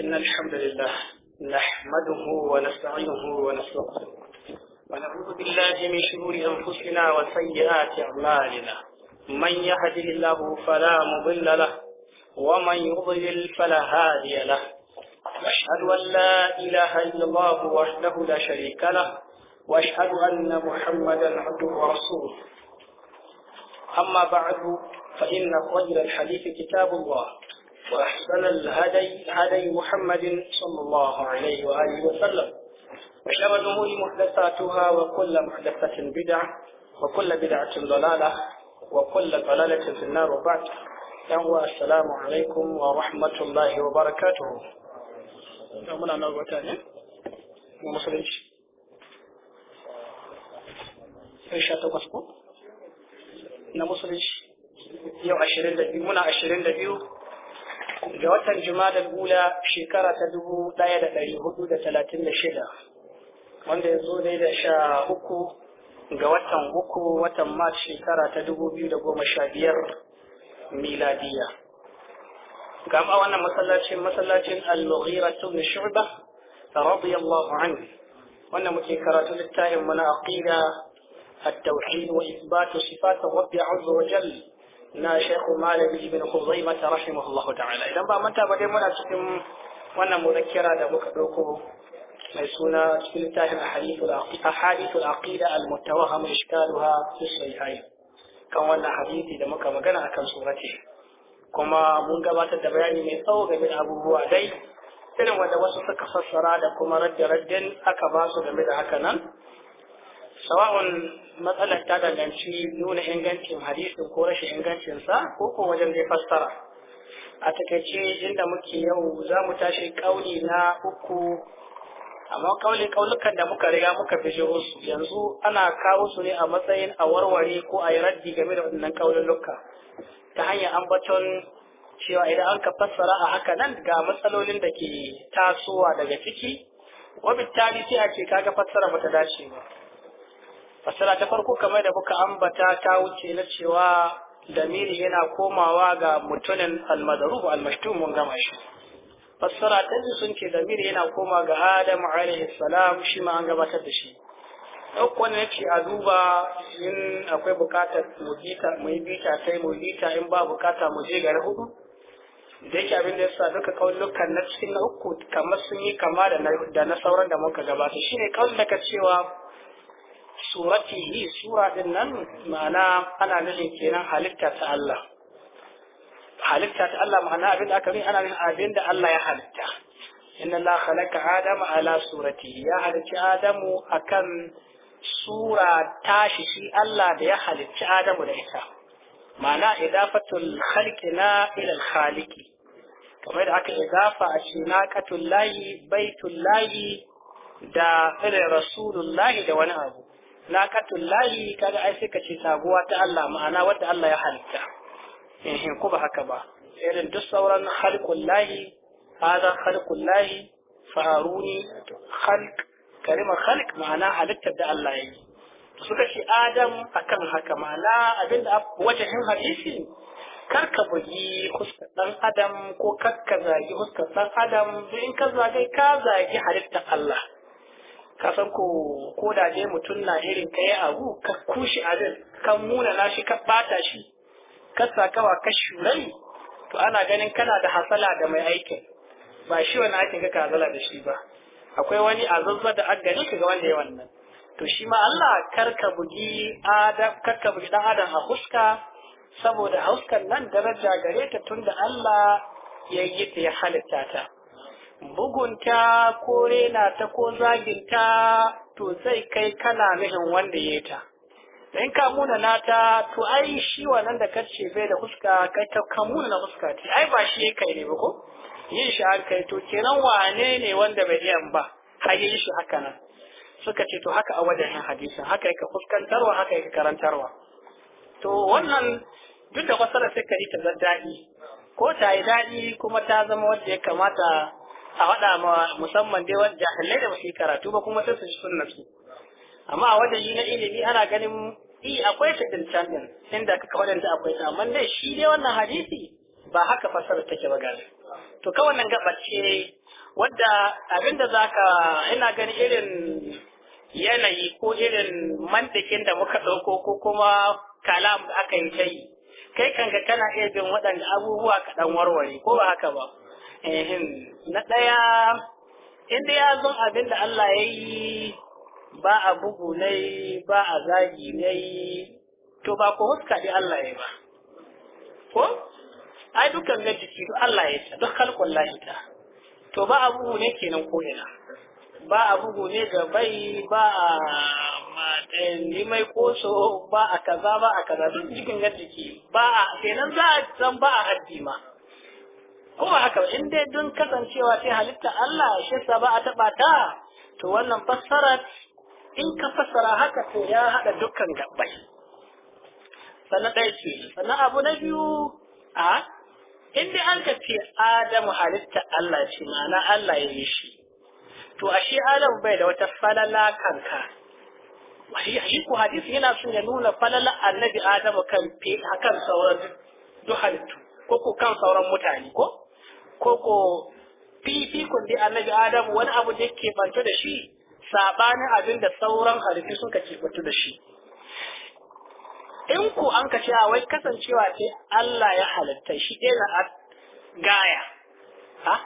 إن الحمد لله نحمده ونستعينه ونستغفره ونعوذ بالله من شرور أنفسنا وسيئات أعمالنا من يهده الله فلا مضل له ومن يضلل فلا هادي له أشهد أن لا إله إلا الله وحده لا شريك له وأشهد أن محمدا عبده ورسوله أما بعد فإن خير الحديث كتاب الله وأحسن الهدي هدي محمد صلى الله عليه وآله وسلم وشر الأمور محدثاتها وكل محدثة بدعة وكل بدعة ضلالة وكل ضلالة في النار وبعد يوم السلام عليكم ورحمة الله وبركاته يومنا نور وتاني ومسلمش إيش هتقصكم na musulunci yau ashirin da biyu muna ga watan Jumadal gula shekara ta dubu ɗaya da ɗari hudu da talatin da shida wanda ya zo dai da sha uku ga watan uku watan Mars shekara ta dubu biyu da goma sha biyar miladiya. Gama wannan masallacin masallacin Al-Mughira ibn Shu'ba radiyallahu anhu wannan muke karatu littafin mana aqida at-tauhid wa ithbatu sifatu rabbi azza wa jalla na Sheikh Malami ibn Khuzaimah rahimahullahu ta'ala idan ba manta ba dai muna cikin wannan muzakkira da muka dauko mai suna cikin littafin ahadithul aqida al-mutawahham ishkaluha fi sahihain kan wannan hadisi da muka magana akan surati kuma mun gabatar da bayani mai tsawo game da abubuwa dai irin wanda wasu suka fassara da kuma radda raddin aka ba su game da haka nan sawa'un matsalar ta danganci nuna ingancin hadisin ko rashin ingancinsa ko ko wajen zai fassara a takaice inda muke yau za mu tashi kauli na uku amma kauli kaulukan da muka riga muka fi su yanzu ana kawo su ne a matsayin a warware ko a yi raddi game da wannan kaululluka ta hanyar ambaton cewa idan an ka fassara a haka nan ga matsalolin da ke tasowa daga ciki wabittali sai a ce kaga fassara bata dace ba fasara ta farko kamar da kuka ambata ta wuce na cewa damiri yana komawa ga mutumin almadarubu almashtu mun gama shi fassara ta biyu sun ce damiri yana koma ga adam alaihi salam shi ma an gabatar da shi wani ne ce a duba in akwai buƙatar mu yi bita yi mu bita in ba bukata mu je ga hudu da yake abin da ya sa duka kaulukan na cikin na uku kamar sun yi kama da na sauran da muka gabata Shi shine kaulaka cewa suratihi sura din nan ma'ana ana nufin kenan halitta ta Allah halitta ta Allah ma'ana abin da aka yi ana nufin abin da Allah ya halitta inna Allah khalaqa adama ala suratihi ya halicci adamu akan sura tashi shi Allah da ya halicci adamu da ita ma'ana idafatul na ila khaliqi kamar da aka idafa a shinaqatul lahi baitul da irin rasulullahi da wani abu naqatul lahi kaga ai sai ka ce taguwa ta Allah ma'ana wadda Allah ya halitta eh ko ba haka ba irin duk sauran halqul lahi hada halqul lahi faruni khalq kalima khalq ma'ana halittar da Allah ya yi suka ce adam akan haka ma'ana abinda wajahin hadisi ka bugi huskar dan adam ko karka zagi huskar dan adam in ka zagi, ka zagi halittar Allah ka san ko ko da dai mutum na irin kai abu ka kushi abin kan muna na shi ka bata shi ka sakawa ka shurai to ana ganin kana da hasala da mai aikin ba shi wani aikin ka kazala da shi ba akwai wani azazza da an gani ka ga wanda ya wannan to shi ma Allah karka bugi adam karka bugi dan adam a huska saboda huskan nan daraja gare ta tunda Allah ya yi ta ya halitta ta bugunta ko rena ta ko zaginta to zai kai kana mihin wanda ya ta in ka muna nata to ai shi wannan da kace bai da fuska kai ta ka muna na fuska ce ai ba shi kai ne ba ko yin shi an kai to kenan wane ne wanda bai iya ba hayin shi haka nan suka ce to haka a wajen hadisin haka yake fuskantarwa haka yake karantarwa to wannan duk da wasu da suka yi ta daɗi ko ta yi daɗi kuma ta zama wanda ya kamata a faɗa ma musamman dai wani jahilai da yi karatu ba kuma sai su ji su amma a wajen yi na ilimi ana ganin i akwai ta din inda kaka waɗanda akwai ta amma dai shi dai wannan hadisi ba haka fasara take ba gani to ka wannan gabace wadda abinda zaka ina gani irin yanayi ko irin mantikin da muka ɗauko ko kuma kalam da aka yi kai kanka kana iya bin waɗanda abubuwa kaɗan warware ko ba haka ba na ɗaya inda ya zan abin da Allah ya yi ba a bugu yi, ba a zagi yi, to ba ko huska da Allah ya ba ko ai dukkan na jiki duk Allah ya ta duk halkun lahita ta to ba a bugu ne kenan ko ina ba a bugu ne ga bai ba a ni mai koso ba a kaza ba a kaza duk cikin na jiki ba a kenan za a san ba a haddi ma kuma haka in dai don kasancewa sai halitta Allah shi sa ba a taba ta to wannan fassara in ka fassara haka to ya hada dukkan gabbai sannan dai ce sannan abu na biyu a in dai an ce Adamu halitta Allah ce ma'ana Allah ya yi shi to ashe Adamu bai da wata falala kanka wahi ko hadisi yana son ya nuna falala annabi Adamu kan akan sauran duk halittu ko ko kan sauran mutane ko koko fifikun da annabi adamu wani abu da yake bantu da shi sabanin abin da sauran halittu suka ce bantu da shi in ku an ka a wai kasancewa ce Allah ya halitta shi ɗaya a gaya ha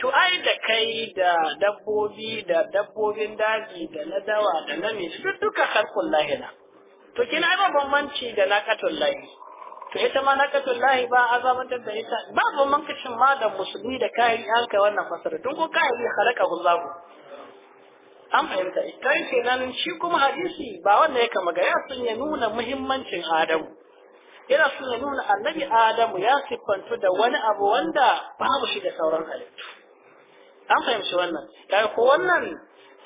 to ai da kai da dabbobi da dabbobin daji da na dawa da na mai duk duka harkun lahina to kina ai bambanci da na katun lahi to ita ma lahi ba azabantar da ita ba ban kashin ma da musulmi da kayan an kai wannan fasara tun ko kayan yi halaka ku. an fahimta ita kenan shi kuma hadisi ba wanda ya kama ga ya sun ya nuna muhimmancin adamu yana sun ya nuna annabi adamu ya siffantu da wani abu wanda babu shi da sauran halittu an fahimci wannan kaga ko wannan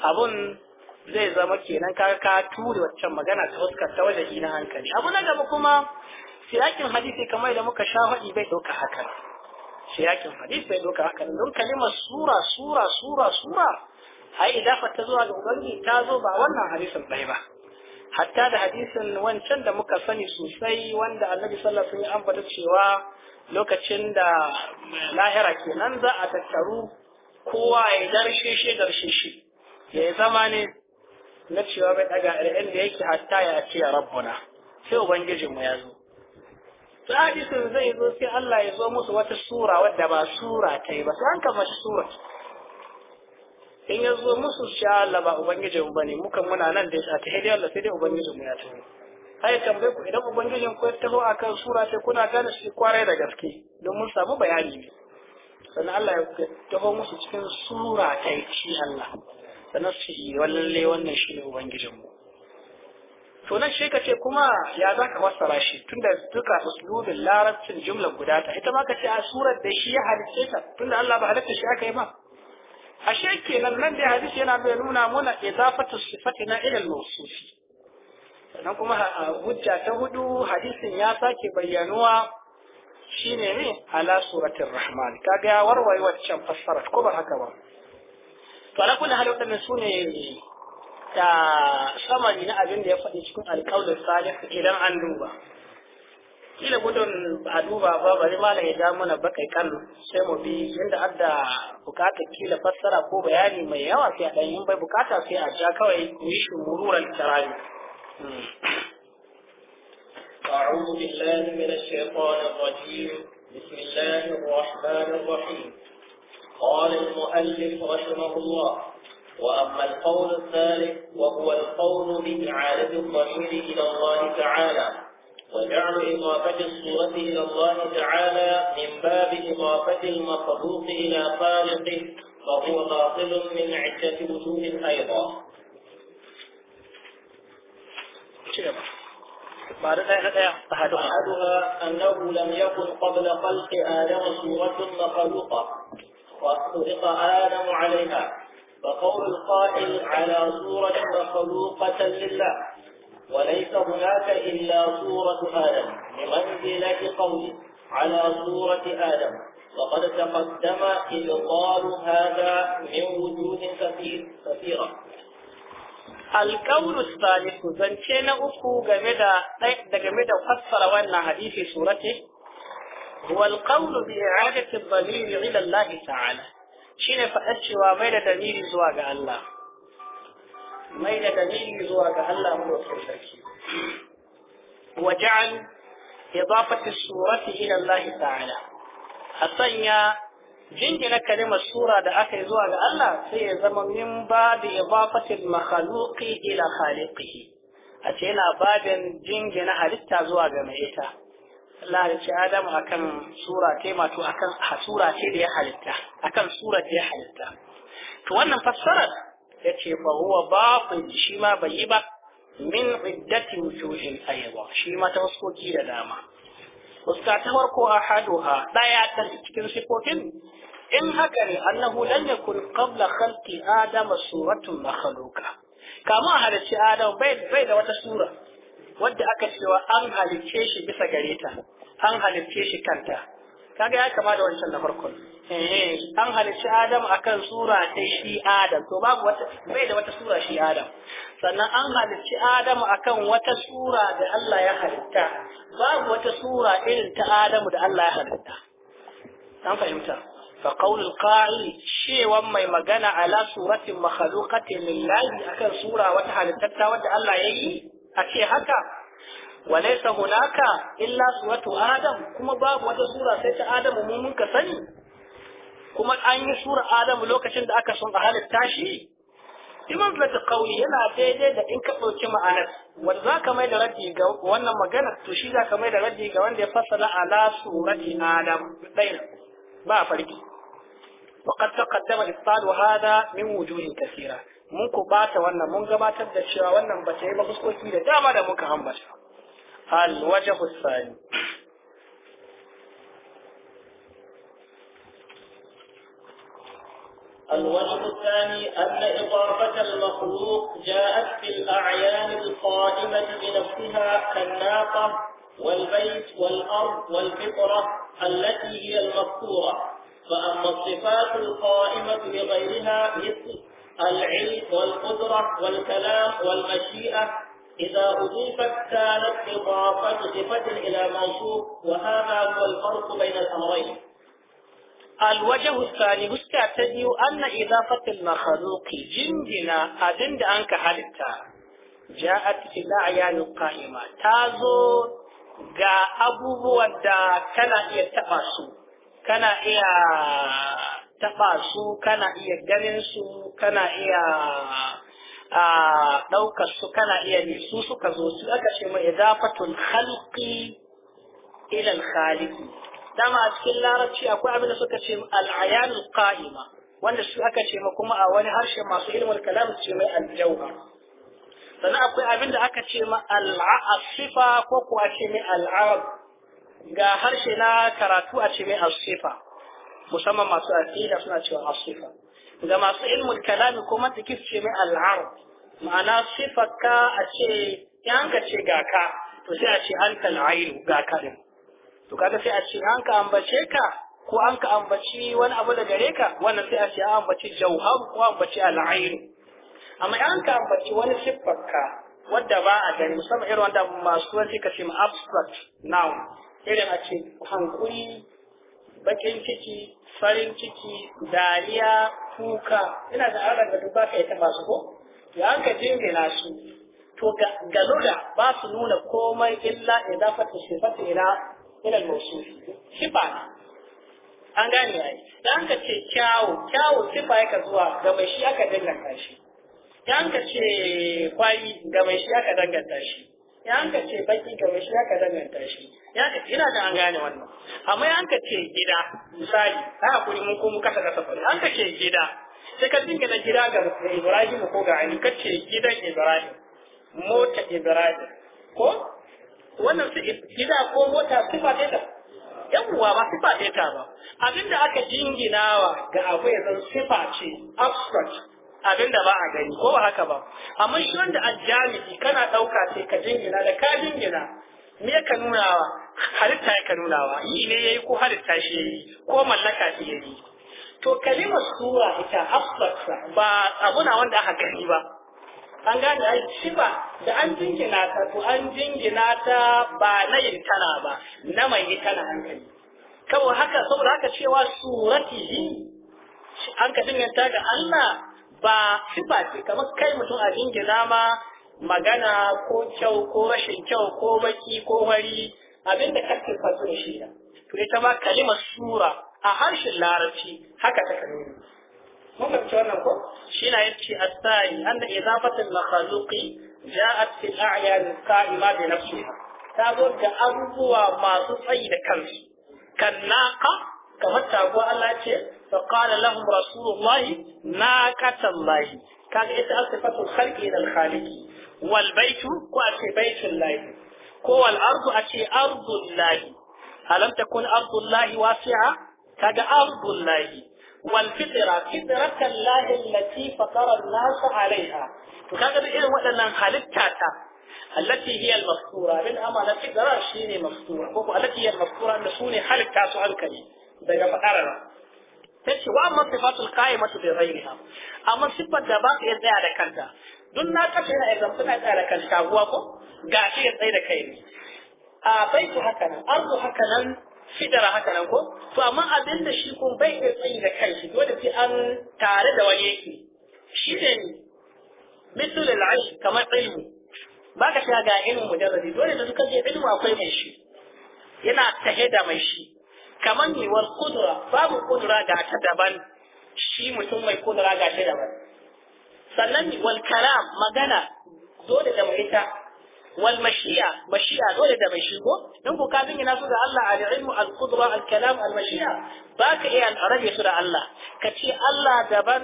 abun zai zama kenan kaga ka ture waccan magana ta huskar ta wajen hankali abu na gaba kuma siyakin hadisi kamar da muka sha faɗi bai ɗauka hakan siyakin hadisi bai ɗauka hakan don kalimar sura sura sura sura ai idafa ta zuwa ga ubangi ta zo ba wannan hadisin ɗaya ba hatta da hadisin wancan da muka sani sosai wanda annabi sallallahu alaihi wasallam ya ambata cewa lokacin da lahira kenan za a tattaru kowa ya darshe shi darshe shi ya zama ne na cewa bai daga irin da yake hatta ya ce rabbuna sai ubangijinmu ya zo sadisun zai zo sai Allah ya zo musu wata sura wadda ba sura ta yi ba su an kama shi sura in ya zo musu sha Allah ba ubangijin ba ne muka muna nan da ya ta hidiyar Allah sai dai ubangijin mu ya tafi." ai tambaye ku idan ubangijin ku ya taho akan sura sai kuna gane shi kwarai da gaske don mun samu bayani ne sannan Allah ya taho musu cikin sura ta yi Allah sannan su yi wallalle eh, wannan shi ne ubangijin mu to nan shi kace kuma ya za ka fassara shi tunda duka uslubin larabcin jumlar guda ta ita ma ka ce a surar da shi ya halicce ta tunda Allah ba halitta shi aka yi ba ashe kenan nan da hadisi yana bai nuna muna idafatu sifati na ilal mawsufi sannan kuma a hujja ta hudu hadisin ya sake bayyanuwa shine ne ala suratul rahman kaga ya warware can fassara ko ba haka ba to ala kulli hal wadannan sune da samari na abin da ya faɗi cikin alƙawlin salih idan an duba kila gudun a duba ba bari malam ya ja mana bakai kan sai mu bi inda adda bukatar kila fassara ko bayani mai yawa sai a ɗan yin bai bukata sai a ja kawai mu yi shumururar tarari أعوذ بالله من الشيطان الرجيم بسم الله الرحمن الرحيم قال المؤلف رحمه الله وأما القول الثالث وهو القول بإعادة الضمير إلى الله تعالى وجعل إضافة الصورة إلى الله تعالى من باب إضافة المخلوق إلى خالقه فهو باطل من عدة وجوه أيضا. أحدها أنه لم يكن قبل خلق آدم صورة مخلوقة وخلق آدم عليها فقول القائل على صورة مخلوقة لله وليس هناك إلا صورة آدم بمنزلة قوله على صورة آدم وقد تقدم إبطال هذا من وجوه كثير كثيرة القول الثالث زنتين أكو جمدا جمدا فسر وأن حديث سورته هو القول بإعادة الضمير إلى الله تعالى Shi ne faɗar cewa mai da damiri zuwa ga Allah mai da damiri zuwa ga Allah mu da sarki wa ja'al idafati surati ila Allah ta'ala a sanya jingina kalimar sura da aka yi zuwa ga Allah sai ya zama min babu idafati makhluqi ila khaliqihi a ce yana babin jingina halitta zuwa ga mai ita Allah ya ce Adamu akan sura mato akan sura ce da ya halitta akan sura ya halitta to wannan fassarar yace fa huwa batil shi ma bai yi ba min iddati wujuhin aywa shi ma ta waskoki da dama fuska ta farko ahaduha ɗaya ta cikin sifofin in haka ne annahu lam yakun qabla khalqi adama suratun makhluqa kama halicci adam Adamu bai da wata sura wadda aka cewa an halicce shi bisa gare ta an halicce shi kanta kaga ya kama da wancan na farkon eh an halicci adam akan sura ta shi adam to babu wata bai da wata sura shi adam sannan an halicci adam akan wata sura da Allah ya halitta babu wata sura irin ta adamu da Allah ya halitta an fahimta fa qaulul qa'il cewan mai magana ala suratin makhluqatin lillahi akan sura wata halittata wadda Allah ya yi a ce haka walaysa hunaka illa suratu adam kuma babu wata sura sai ta adam mu mun sani kuma an yi sura adam lokacin da aka sun a halitta shi imam da kauli yana daidai da in ka ɗauki ma'anar wanda za mai da raddi ga wannan magana to shi za ka mai da raddi ga wanda ya fassara ala surati adam ɗaya ba farki وقد تقدم إبطال هذا من وجوه كثيرة mun ku bata wannan mun gabatar da cewa wannan ba ta yi ba fuskoki da dama da muka hambata al waje hussani الوجه الثاني أن إضافة المخلوق جاءت في الأعيان القائمة بنفسها كالناقة والبيت والأرض والفطرة التي هي المذكورة فأما الصفات القائمة بغيرها مثل العلم والقدرة والكلام والمشيئة إذا أضيفت كانت إضافة صفة إلى موصوف وهذا هو الفرق بين الأمرين الوجه الثاني وشكا تدي أن إضافة المخلوق جندنا أدند أنك حالتا جاءت في الأعيان القائمة تازو ga abubuwan da kana iya taɓa su kana iya taɓa su kana iya ganin su kana iya a ɗaukar su kana iya ne su suka zo su aka ce mai idafatul khalqi ila al-khaliqi dama a cikin larabci akwai abin da suka ce al-ayanul qa'ima wanda su aka ce kuma a wani harshe masu ilmul kalam ce mai al-jawhar sannan akwai abin da aka ce ma al-asifa ko kuwa ce mai al ga harshe na karatu a ce mai asifa musamman masu aqida suna cewa asifa ga masu ilmul kalami ko mantiki su ce mai al'arab ma'ana sifa ka a ce in ka ce ga ka to sai a ce an kal'ainu ga ka din to kaga sai a ce an ka ambace ka ko an ka ambaci wani abu da gare ka wannan sai a ce an ambaci jauhar ko ambaci al'ainu amma an ka ambaci wani sifa ka wadda ba a gani musamman irin wanda masu wani ka ce abstract noun irin a ce hankuri bakin ciki farin ciki dariya kuka ina da an da duk baka ita masu ko ya an ka jingina su to ga lura ba su nuna komai illa shi, sifatu ila ila musu mawsuf sifa an gane ai dan ka ce kyawu kyawu sifa ka zuwa ga mai shi aka danganta shi dan ka ce kwai ga mai shi aka danganta shi ya an ce baki kamar shi aka danganta shi ya ka ina da an gane wannan amma ya an ce gida misali ta hakuri mun ko mu kasa kasa fari an ce gida sai ka dinga na gida ga Ibrahim ko ga Ali ka ce gidan Ibrahim mota Ibrahim ko wannan su gida ko mota sifa ce ta uwa ba sifa ce ta ba abinda aka jinginawa ga abu ya zan sifa ce abstract abin da ba a gani ko ba haka ba amma shi wanda ajami'i kana ɗauka sai ka jingina da ka jingina me ka nunawa halitta ya ka nunawa yi ne yayi ko halitta shi yayi ko mallaka shi yayi to kalima sura ita abstrakta ba abuna wanda aka gani ba an gane ai shi ba da an jingina ta to an jingina ta ba na yin tana ba na mai yi tana hankali kawai haka saboda haka cewa surati an ka dinganta ga Allah ba ba ce kamar kai mutum a jingina ma magana ko kyau ko rashin kyau ko baki ko wari abinda kake fasu da shi to ita ma kalimar sura a harshen larabci haka ta kalmi mun fahimci wannan ko shi na yace asali anna izafatul makhluqi ja'at fil a'yan qa'ima bi nafsiha ta zo da abubuwa masu tsayi da kansu kan kamar tago Allah ce فقال لهم رسول الله ناقة الله كان ita صفة الخلق إلى الخالق والبيت كو أشي بيت الله كو الأرض أشي أرض الله ألم تكن أرض الله واسعة كان أرض الله والفطرة فطرة الله التي فطر الناس عليها وكان بإذن وأنا خالقتها التي هي المفطورة من أما الفطرة شيني مفطورة التي هي المفطورة أن سوني خالقتها سؤال كريم ده فطرنا sai ce wa amma sifatul qa'imatu bi ghayriha amma sifar da ba ta iya tsaya da kanta duk na kace na exam suna tsaya da kanta kaguwa ko Ga gashi ya tsaya da kai ne a baitu haka nan arzu haka nan sidara haka nan ko to amma abin da shi kun bai iya tsayi da kanshi dole sai an tare da wani yake shi ne misul al-aish kamar ilmu baka shiga ga ilmu mujarradi dole da duka je ilmu akwai mai shi yana tahida mai shi kaman ne wal kudura babu kudura ga ta daban shi mutum mai kudura ga shi daban sannan ne wal kalam magana dole da mu ita wal mashi'a mashi'a dole da mai shigo don ku kafin ina su da Allah al ilmu al kudura al kalam al mashiya ba ka iya rabe su da Allah ka ce Allah daban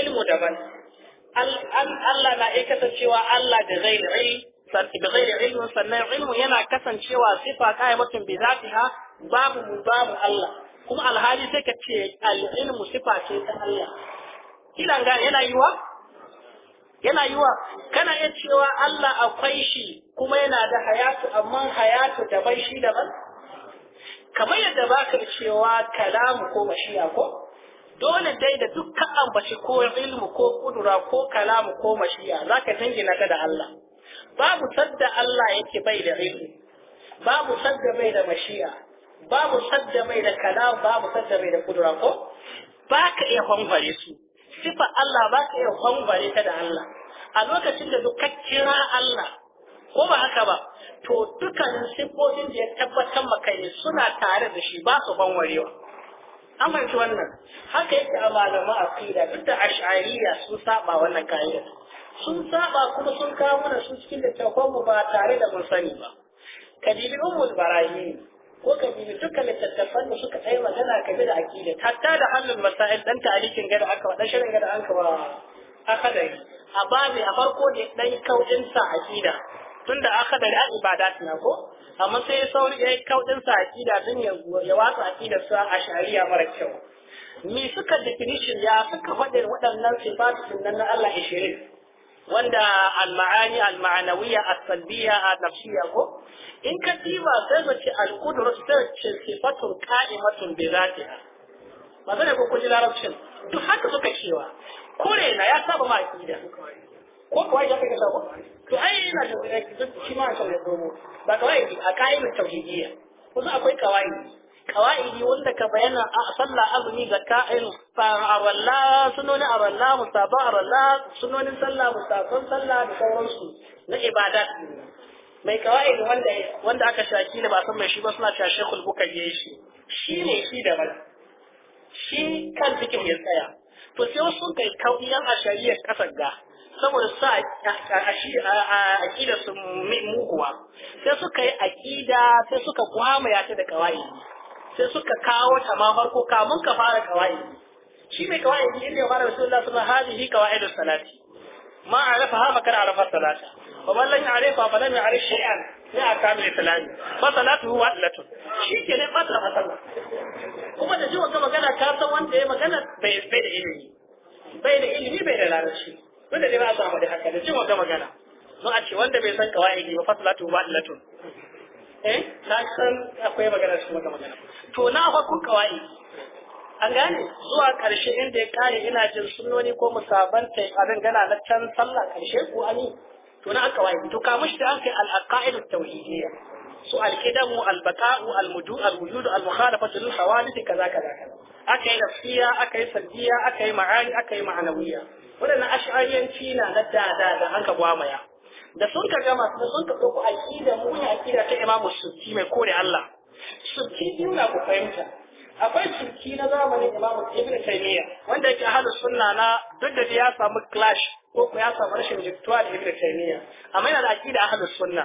ilmu daban Allah na iya kasancewa Allah da zai ghairi bi ghairi ilmin sannan ilmu yana kasancewa sifa qaimatun bi zatiha babu mu babu Allah kuma alhali sai ka ce al-ilmu sifa ce ta Allah kila ga yana yiwa yana yiwa kana iya cewa Allah akwai shi kuma yana da hayatu amma hayatu bai shi ban kamar yadda baka cewa kalamu ko mashiya ko dole dai da dukkan ambaci ko ilmu ko kudura ko kalamu ko mashiya zaka na ta da Allah babu sadda Allah yake bai da ilmi babu sadda mai da mashi'a babu sadda mai da kalam babu sadda mai da kudura ko baka iya hanbare su sifa Allah baka iya hanbare ta da Allah a lokacin da duk kira Allah ko ba haka ba to dukkanin sifofin da ya tabbatar maka ne suna tare da shi ba su banwarewa an wannan haka yake a malaman aqida duk da ash'ariya sun saba wannan kayan. sun saba kuma sun kawo mana su cikin littafan mu ba tare da mun sani ba kabili ummul barayi ko kabili dukkan littattafan da suka tsaye magana kabi da akida hatta da halin masail dan ta'alikin gada aka wa dan shirin gada an aka dai a ba ne a farko ne dan kaudin sa akida tunda akadari a ibadat na ko amma sai sauri ya kaudin sa akida din ya wasa akida sa a shari'a mara kyau me suka definition ya suka faɗin waɗannan sifatu nan na Allah 20 wanda al-ma'ani al-ma'anawiyya as-salbiyya an-nafsiyya ko in ka diba sai mu ci al-qudrat sai sifatun qa'imatun bi zatiha magana ko kun larabcin duk haka suka cewa kore na ya saba ma akida ko kuwa ya kai sabo to ai ina da wani shi ma sai ya domo ba kawai a qa'imat tauhidiyya kuma akwai kawai kawa'idi wanda ka bayyana a sallah azumi ga ka'in arwalla sunoni arwalla musaba arwalla sunonin sallah musafan sallah da sauransu na ibada. mai kawa'idi wanda wanda aka shaki ne ba san mai shi ba suna cewa shekul buka ya shi shi ne shi da ba shi kan cikin ya tsaya to sai wasu kai kauyan a shari'ar kasar ga saboda su aƙida su muguwa sai suka yi aƙida sai suka gwamaya ta da kawai sai suka kawo ta ma farko kamun ka fara kawai shi mai kawai inda ya fara rasulullah sallallahu alaihi wasallam da salati ma arafaha makar arafa salata wa man lam ya'rifa fa lam ya'rif shay'an ya akamil salati fa salatuhu salatu shi ke ne ba ta kuma da jiwa ga magana ka san wanda ya magana bai bai da ilimi bai da ilimi bai da larabci wanda dai ba su amma da haka da jiwa ga magana don a ce wanda bai san kawai ba fa salatuhu salatu eh na san akwai magana su maka magana to na fa kun kawai an gane zuwa karshe inda ya kare ina jin sunnoni ko musabanta abin gana na can sallah karshe ko ani to na aka waye to kamush da aka al-aqaid at-tauhidiyya su al-qidam al-baqa'u al-mudu' al-wujud al-mukhalafatu lil hawadith kaza kaza aka yi nafsiya aka yi salbiya aka yi ma'ani aka yi ma'anawiyya wadannan ash'ariyanci na da da da an ka gwamaya da sun ka gama da sun ka ɗauko aƙida mu ne aƙida ta imamu sufi mai kore Allah sufi biyu na ku fahimta akwai sufi na zamanin imamu ibn taymiya wanda yake ahlus sunna na duk da ya samu clash ko ku ya samu rashin jituwa da ibn taymiya amma yana da aƙida ahlus sunna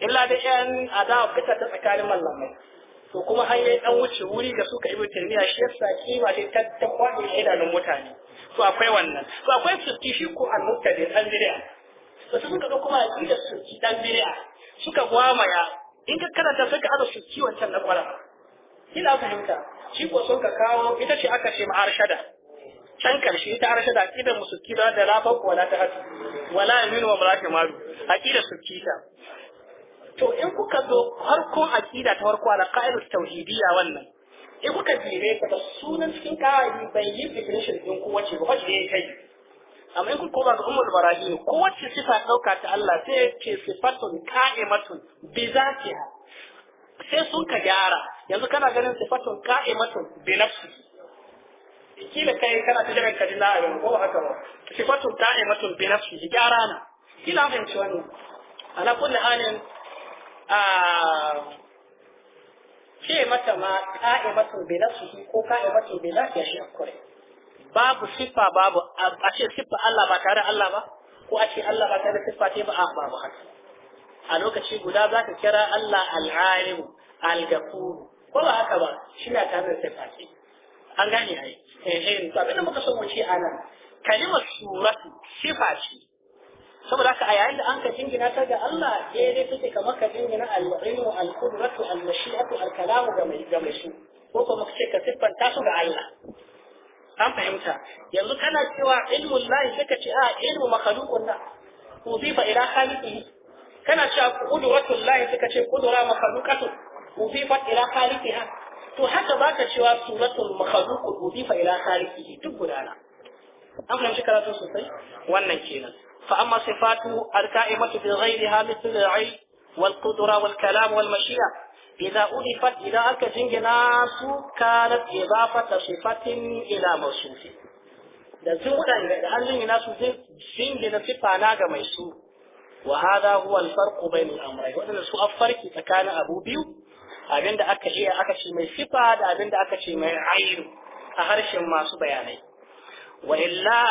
illa da yan adawa fita ta tsakanin mallamai to kuma har yayi dan wuce wuri ga suka ibn taymiya shi yasa kima ta ta kwaɗe idanun mutane to akwai wannan to akwai sufi shi ko al-muqtadi al-bid'a wasu suka ga kuma aqidar su dan bid'a suka gwamaya in ka karanta sai ka aza su ciwon can na kwalam kina fahimta shi ko sun ka kawo ita ce aka ce ma'arshada can karshe ita arshada aqidar musulki da da lafa wala ta hatu wala yamin wa malaka su aqidar ta. to in kuka zo farkon aqida ta farko ala qa'idat tauhidiyya wannan in kuka jire ka da sunan cikin kawai bai yi definition din kowace ba wacce ya kai amma in kun koma ga ummul barahi wacce sifa dauka ta Allah sai ya ce sifatun qa'imatun bi zatiha sai sun ka gyara yanzu kana ganin sifatun qa'imatun bi nafsi kila kai kana ta jiran ka dina ayo ko haka ba sifatun qa'imatun bi nafsi gyara na kila ban ci wannan ana kulli halin a ce mata ma qa'imatun bi nafsi ko qa'imatun bi zatiha shi akwai babu siffa babu a ce siffa Allah ba tare Allah ba ko a ce Allah ba tare siffa ce ba a babu haka a lokaci guda za ka kira Allah al'alim al-gafur ko ba haka ba shi na tare siffa ce an gane ai eh eh to abin da muka so mu ce anan kalimar suratu siffa ce saboda haka a yayin da an ka jingina ta ga Allah daidai eh, take kamar ka jingina al-ilmu al-qudratu al-mashi'atu al-kalamu ga mai ga shi ko kuma ka ce ka siffanta su ga Allah an fahimta yanzu kana cewa ilmun lahi sai ka ce a ah, ilmu makhluqun la uzifa ila khaliqihi kana cewa qudratul lahi sai ka ce qudra makhluqatu uzifa ila ha to haka baka cewa suratul makhluq uzifa ila khaliqihi duk gudana an fahimci karatu sosai wannan kenan fa amma sifatu al-ka'imatu bi ghayriha mithl al-'ilm wal qudra wal kalam wal mashi'a إذا أضيفت إذا أكا جنجناس كانت إضافة صفة إلى موصوف da sun waɗanda da an jingina su jingina sifa na ga mai su wa hada huwa al-farqu bainal amrayn wadanda su tsakanin abu biyu abinda aka ce aka ce mai sifa da abinda aka ce mai ayyu a harshen masu bayanai wa illa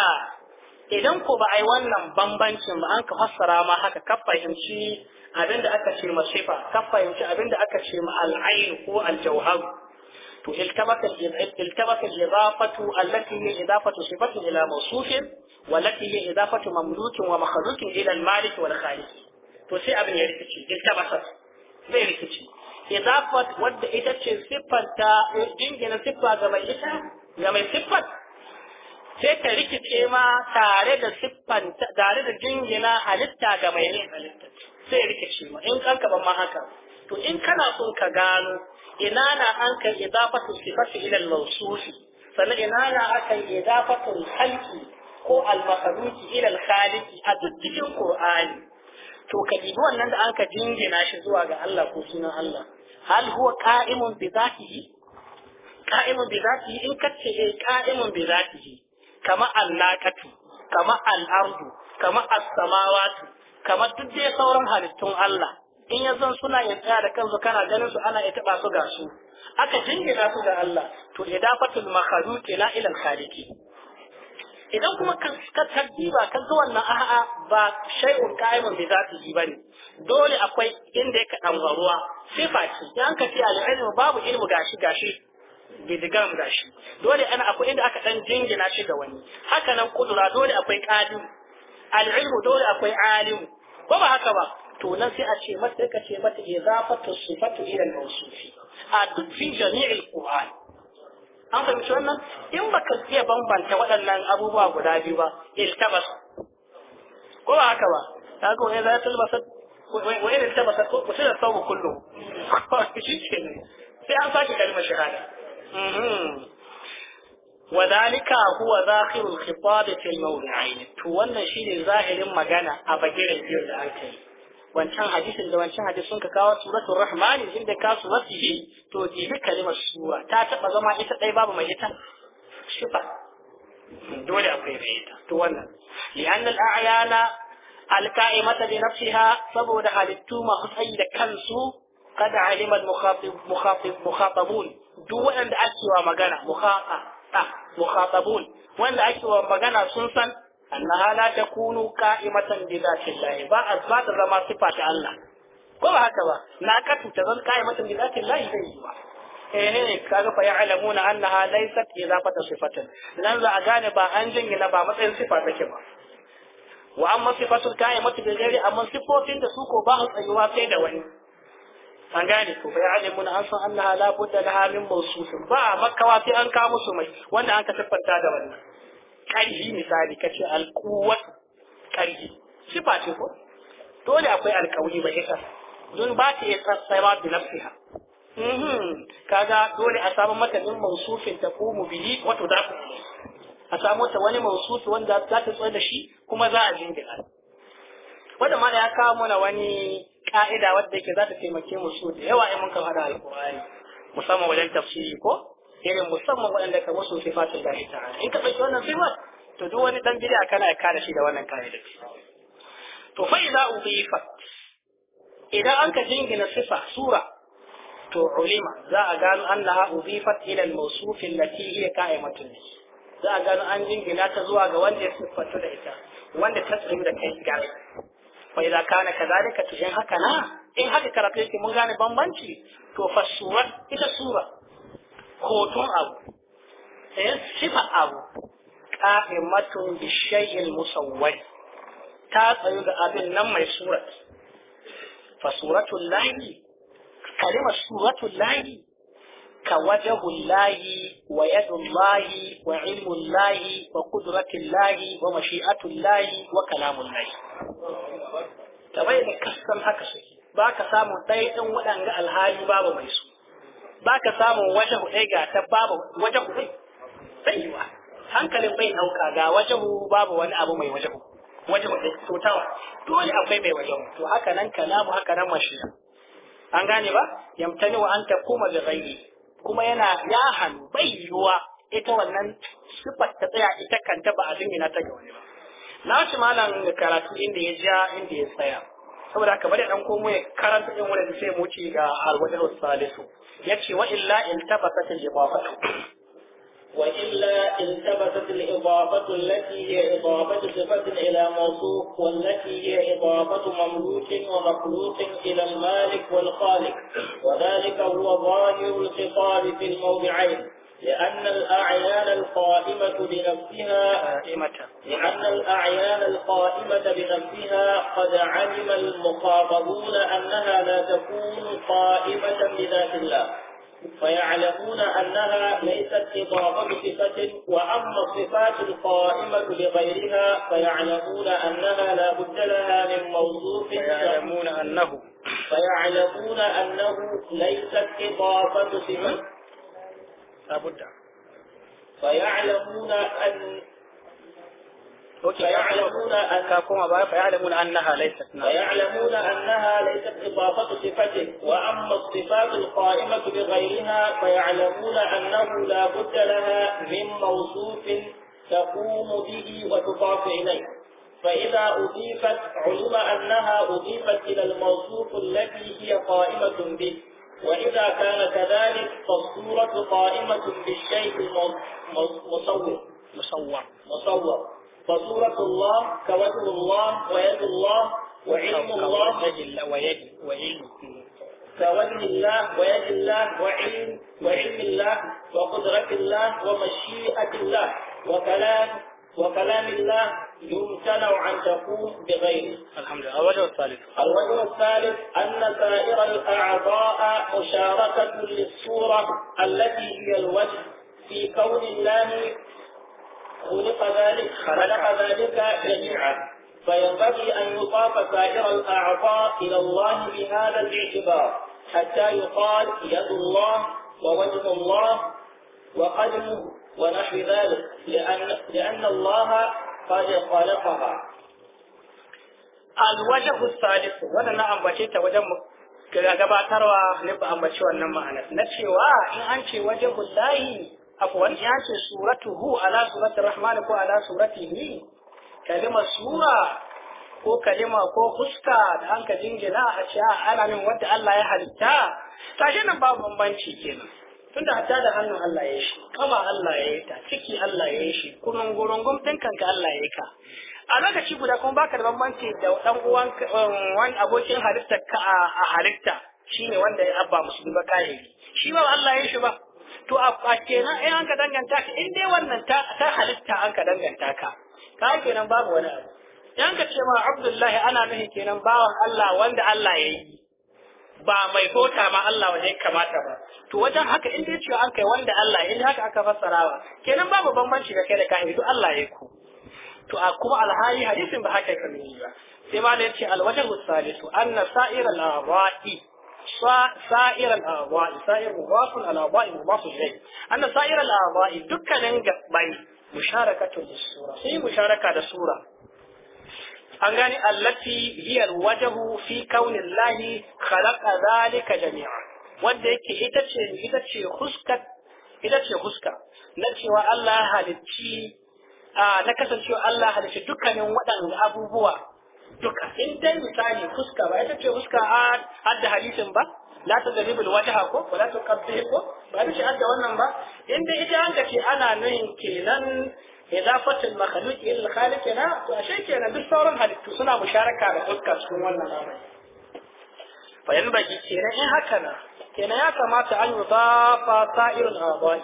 idan ko ba ai wannan bambancin ba an ka fassara ma haka ka fahimci da aka ce ma sifa ka fahimci da aka ce ma al'ain ko al-jawhar to iltamaka al-idafatu allati hiya idafatu sifatin ila mawsufin والتي هي إضافة مملوك ومخلوق إلى المالك والخالق توسي أبن يركتشي التبست زي ركتشي إضافة ود إتتشي صفة جنجنا صفة كما ga mai صفة sai ka rikice ma tare da siffan tare da jingina halitta ga mai halitta sai rike cewa in kanka ban ma haka to in kana son ka gano ina na an kai idafatu sifati ila al-mawsufi sannan ina na aka yi idafatu al-khalqi ko al-makhluqi ila al-khaliqi a duk cikin qur'ani to ka dibi wannan da aka jingina shi zuwa ga Allah ko sunan Allah hal huwa qa'imun bi zatihi qa'imun bi zatihi in kace eh qa'imun bi zatihi kama allakatu kama al-ardu kama as-samawati kamar duk dai sauran halittun Allah in ya zan suna tsaya da kansu kana ganin su ana ita ba su ga su aka jingina su ga Allah to idafatul makhluq ila ila khaliqi idan kuma ka tartiba ka zo wannan a'a ba shay'un qa'imun bi zatihi bane dole akwai inda yake ruwa sifa ce dan ka ce al-ilmu babu ilmu gashi gashi bidigam gashi dole ana akwai inda aka dan jingina shi ga wani haka nan kudura dole akwai qadim al'ilmu dole akwai alimu ko ba haka ba to nan sai a ce mata ka ce mata izafatu sifatu ila al-mawsufi a duk fi jami'il qur'an an fahimci wannan in baka iya bambanta waɗannan abubuwa guda biyu ba iltabas ko ba haka ba kaga wani za ta talbasa wani da talbasa ko kusa da sabu kullu shi ke sai an sake kalmar shahada mhm. وذلك هو ظاهر الخطاب في الموضعين to wannan shine zahirin magana a bagirin biyar da aka yi wancan hadisin da wancan hadis sun ka kawo suratul rahmani inda ka su surati to dibi kalimar sura ta taba zama ita dai babu mai ita shifa dole akwai mai ita to wannan lian al a'yana al qa'imata bi nafsiha saboda halittu ma tsayi da kansu kada alima al mukhatab mukhatabun duk wanda ake wa magana mukhata A mukhatabun wanda ake wa magana sun san annaha la takunu qa'imatan bi dhati Allah ba ta zama sifa ta Allah ko ba haka ba na katu ta zan qa'imatan bi dhati Allah zai yi ba eh kaga fa ya'lamuna annaha laysat idafata sifatan nan za a gane ba an jingina ba matsayin sifa take ba wa amma sifatul qa'imatu bi ghairi amma sifofin da su ko ba su tsayuwa sai da wani an gane ko bai alimun an san annaha la budda laha min mawsufin ba makawa sai an ka musu mai wanda an ka tabbata da wannan kai misali kace alquwat shi ba ce ko dole akwai alkauli ba ita don ba ta iya ba da nafsiha mhm. kaga dole a samu mata din mawsufin taqumu bihi wato da a samu ta wani mawsufi wanda za ta tsaya da shi kuma za a jingina wanda ma ya kawo mana wani ka'ida wadda yake za ta taimake mu su da yawa in mun kan hada alqur'ani musamman wajen tafsiri ko irin musamman waɗanda ka musu sifatu da ita in ka ɗauki wannan sifa to duk wani dan bid'a kana ya kare shi da wannan ka'ida to fa idza udifat idan an ka jingina sifa sura to ulima za a gano annaha udifat ila al-mawsuf allati hiya qa'imatun za a gano an jingina ta zuwa ga wanda ya sifatu da ita wanda ta tsaye da kai gari fa idza kana kadhalika to in haka na in haka karatu yake mun gane bambanci to fa sura ita sura hoton abu sai eh, sifa abu qa'imatun bi shay'il musawwar ta tsayu ga abin nan mai surat fa suratul lahi kalimar suratul lahi كوجه الله ويد الله وعلم الله وقدرة الله ومشيئة الله وكلام الله kamar yadda kasan haka suke ba ka samun ɗaya ɗin waɗanga alhali babu mai su ba ka samun wata huɗai ga ta babu wata hudai bai wa hankalin bai ɗauka ga wata babu wani abu mai wata wata hudai to tawa dole akwai mai wata to haka nan kalamu haka nan mashiya an gane ba yamtani wa an kuma bi ghairi kuma yana ya hannu bai yiwuwa ita wannan sifar ta tsaya ita kanta ba a dingina ta ga wani ba na shi malam da karatu inda ya ja inda ya tsaya saboda haka bari dan komo ya karanta wani da sai mu ci ga alwajhu salisu ya ce wa illa in iltafatat al-ibafatu وإلا التبست الإضافة التي هي إضافة صفة إلى موصوف والتي هي إضافة مملوك ومخلوق إلى المالك والخالق وذلك هو ظاهر الخطاب في الموضعين لأن الأعيان القائمة بنفسها لأن الأعيان القائمة بنفسها قد علم المخاطبون أنها لا تكون قائمة بذات الله فيعلمون أنها ليست إضافة صفة وأما الصفات القائمة بغيرها فيعلمون أنها لا بد لها من موصوف فيعلمون أنه فيعلمون أنه ليست إضافة صفة لا بد فيعلمون أن فيعلمون فيعلمون انها ليست فيعلمون انها ليست اضافه صفته واما الصفات القائمه بغيرها فيعلمون انه لا بد لها من موصوف تقوم به وتضاف اليه فاذا اضيفت علم انها اضيفت الى الموصوف الذي هي قائمه به وإذا كان كذلك فالصورة قائمة بالشيء المصور مصور مصور فصورة الله كوجه الله ويد الله وعلم الله ويد الله ويد وعلم كوجه الله ويد الله وعلم وعلم الله وقدرة الله ومشيئة الله وكلام وكلام الله يمتنع عن تكون بغيره. الحمد لله. الوجه الثالث. الوجه الثالث أن سائر الأعضاء مشاركة للصورة التي هي الوجه في كون الله خلق ذلك خلق ذلك جميعا فينبغي أن يضاف سائر الأعضاء إلى الله بهذا الاعتبار حتى يقال يد الله ووجه الله وقدمه ونحو ذلك لأن, لأن الله قد خلقها الوجه الثالث ولنا أن بشيت وجه gabatarwa ne ba ambaci wannan ma'anar na cewa in an ce wajen layi afwan ya ce hu, ala suratul rahman ko ala ni kalima sura ko kalima ko fuska da an ka jingina a ce ana min Allah ya halitta shi nan babu bambanci kenan tunda hatta da hannun Allah ya shi kama Allah ya yi ta ciki Allah ya yi shi kunun gurungun din kanka Allah ya yi ka a lokaci guda kuma baka da bambanci da dan uwan wani abokin halitta ka a halitta shine wanda ya abba musu ba kai shi ba Allah ya yi shi ba to a kenan in an ka danganta ka in dai wannan ta halitta an ka danganta ka ka kenan babu wani abu in ka ce ma abdullahi ana nuhin kenan bawan Allah wanda Allah ya yi ba mai hota ma Allah waje ya kamata ba to wajen haka in dai cewa an kai wanda Allah in haka aka fassara ba kenan babu bambanci ga kai da kai duk Allah ya ku to a kuma alhali hadisin ba haka yake ba sai ma da ce alwajhu salisu anna sa'ir al-ra'i Sa'iran al-a'dha'i sa'ir sa'ir dukkanin gabbai sura sai musharaka da sura an gani allati hiya al fi kauni llahi khalaqa jami'a wanda yake ita ce ita ce huska ita ce huska na cewa Allah halicci na kasancewa Allah halicci dukkanin waɗannan abubuwa duka in dai misali fuska ba ita ce fuska hadda hadisin ba la ta zaribul wajha ko wala ta qabdihi ko ba ita ce hadda wannan ba in dai ita an kace ana nuhin kenan idafatul makhluq ila khaliq na to ashe kenan duk sauran hadisi suna musharaka da fuska cikin wannan amari fa yan baki kenan in haka na kenan ya kamata an yudafa sa'irul a'dha'i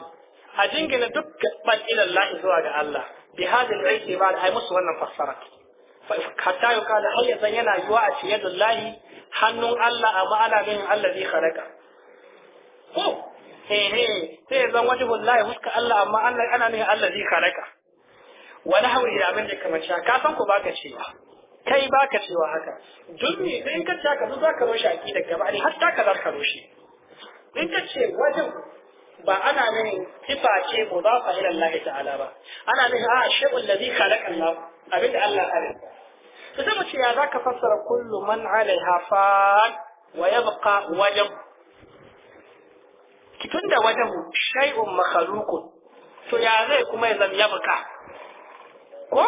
a jingina duk gaban ila zuwa ga Allah bi hadhihi al-ibad ai musu wannan fassara hatta yau kana har yanzu yana yiwa a ce yadullahi hannun Allah amma ana min Allah zai khalaqa ko eh eh sai zan waje wallahi huska Allah amma Allah ana min Allah zai khalaqa wani hawa ila abin da kamar sha ka san ko baka cewa kai baka cewa haka duk ne in ka ta ka zo ka rushe akidar gaba ne hatta ka zaka rushe in ka ce wajen ba ana nufin sifa ce mudafa ila Allah ta'ala ba ana nufin a shay'un ladhi khalaqa Allah abinda Allah ya to sai mu ce ya za ka fassara kullum man alaiha hafan wa ya yabqa wajhu tunda wajhu shai'un makhluqun to ya zai kuma ya zama yabqa ko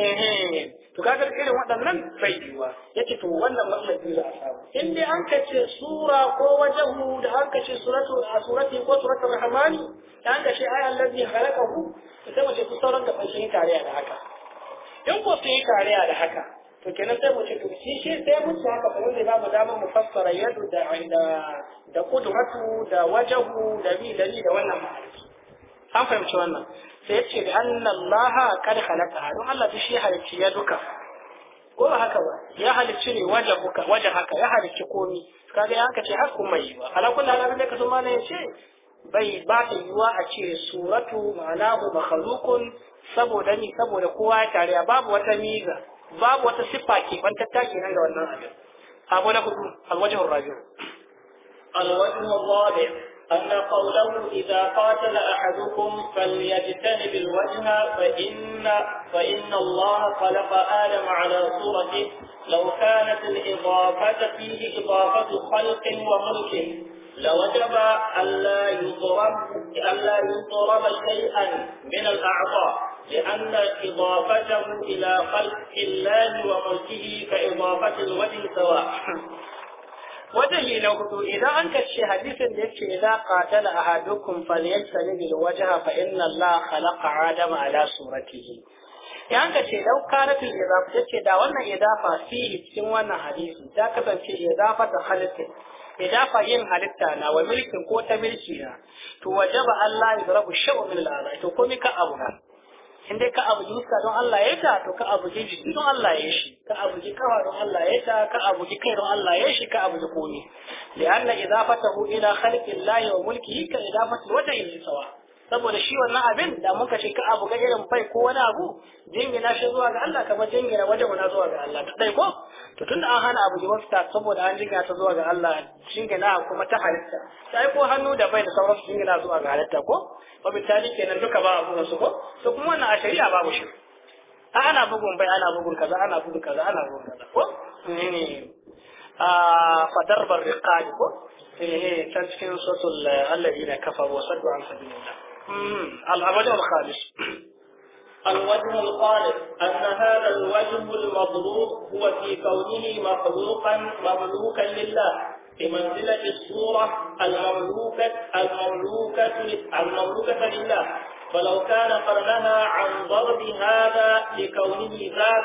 ehe. to ga irin waɗannan bai yiwa ce to wannan matsalaci za a samu in dai an kace sura ko wajahu da an kace suratu surati ko suratu rahmani da an kace ayan allazi khalaqahu to sai mace ku sauran gaban shi tare da haka in ko sun yi tare da haka to kenan sai mu ce to shi shi sai mu ce haka kuma zai ba mu damar mu fassara yadu da inda da kudratu da wajahu da bi da da wannan ma'arifi an fahimci wannan sai ya ce da annallaha kad khalaqa don Allah shi shi halicci ya duka ko haka ba ya halicci ne wajahuka haka ya halicci komi kaga ya haka ce har mai yi ba ala kullu ne ka kaso mana ce bai ba ta yiwa a ce suratu ma'anahu makhluqun saboda ni saboda kowa ya tare babu wata miga babu wata siffa ke ban tattaki nan ga wannan abin abu na hudu alwajahu rabi'u alwajahu rabi'u anna qawluhu idza qatala ahadukum falyajtani bil wajha fa inna fa inna allaha khalaqa adam ala surati law kanat al idafatu fihi idafatu khalqin wa mulkin لوجب ألا يضرب ألا يضرب شيئا من لأن إضافته إلى خلق الله وملكه كإضافة الوجه سواء وجهي لو كنت إذا أنك الشهاديث التي إذا قاتل أحدكم فليجتنب الوجه فإن الله خلق آدم على صورته yan ka ce lau karafin idafa ta ce da wannan idafa fihi cikin wannan hadisi ta kasance idafa ta halitta idafa yin halitta na wa milkin ko ta milki na to wajaba Allah ya rabu shabu min al'ala to komai ka abu na in dai ka abuji huska don Allah ya ta to ka abuji jiki don Allah ya shi ka abuji kawa don Allah ya ta ka abuji kai don Allah ya shi ka abuji komi da anna idafatahu ila khalqi Allah wa mulki ka idafatu wata yin sawa saboda shi wannan abin da muka ce ka abu ga irin fai ko wani abu jingina shi zuwa ga Allah kamar jingina wajen wana zuwa ga Allah ta dai ko to tunda an hana abu fita saboda an jingina ta zuwa ga Allah jingina kuma ta halitta sai ko hannu da bai da sauran su jingina zuwa ga halitta ko ba bitali kenan duka ba abu su ko to kuma wannan a shari'a babu shi a ana bugun bai ana bugun kaza ana bugun kaza ana bugun kaza ko ne a fadar barriqad ko eh can eh, cikin sotul alladina kafaru wa saddu an sabilillah الوجه الخالص الوجه الخالص أن هذا الوجه المضروب هو في كونه مخلوقا مملوكا لله بمنزلة الصورة المملوكة المملوكة المملوكة لله فلو كان قرنها عن ضرب هذا لكونه ذات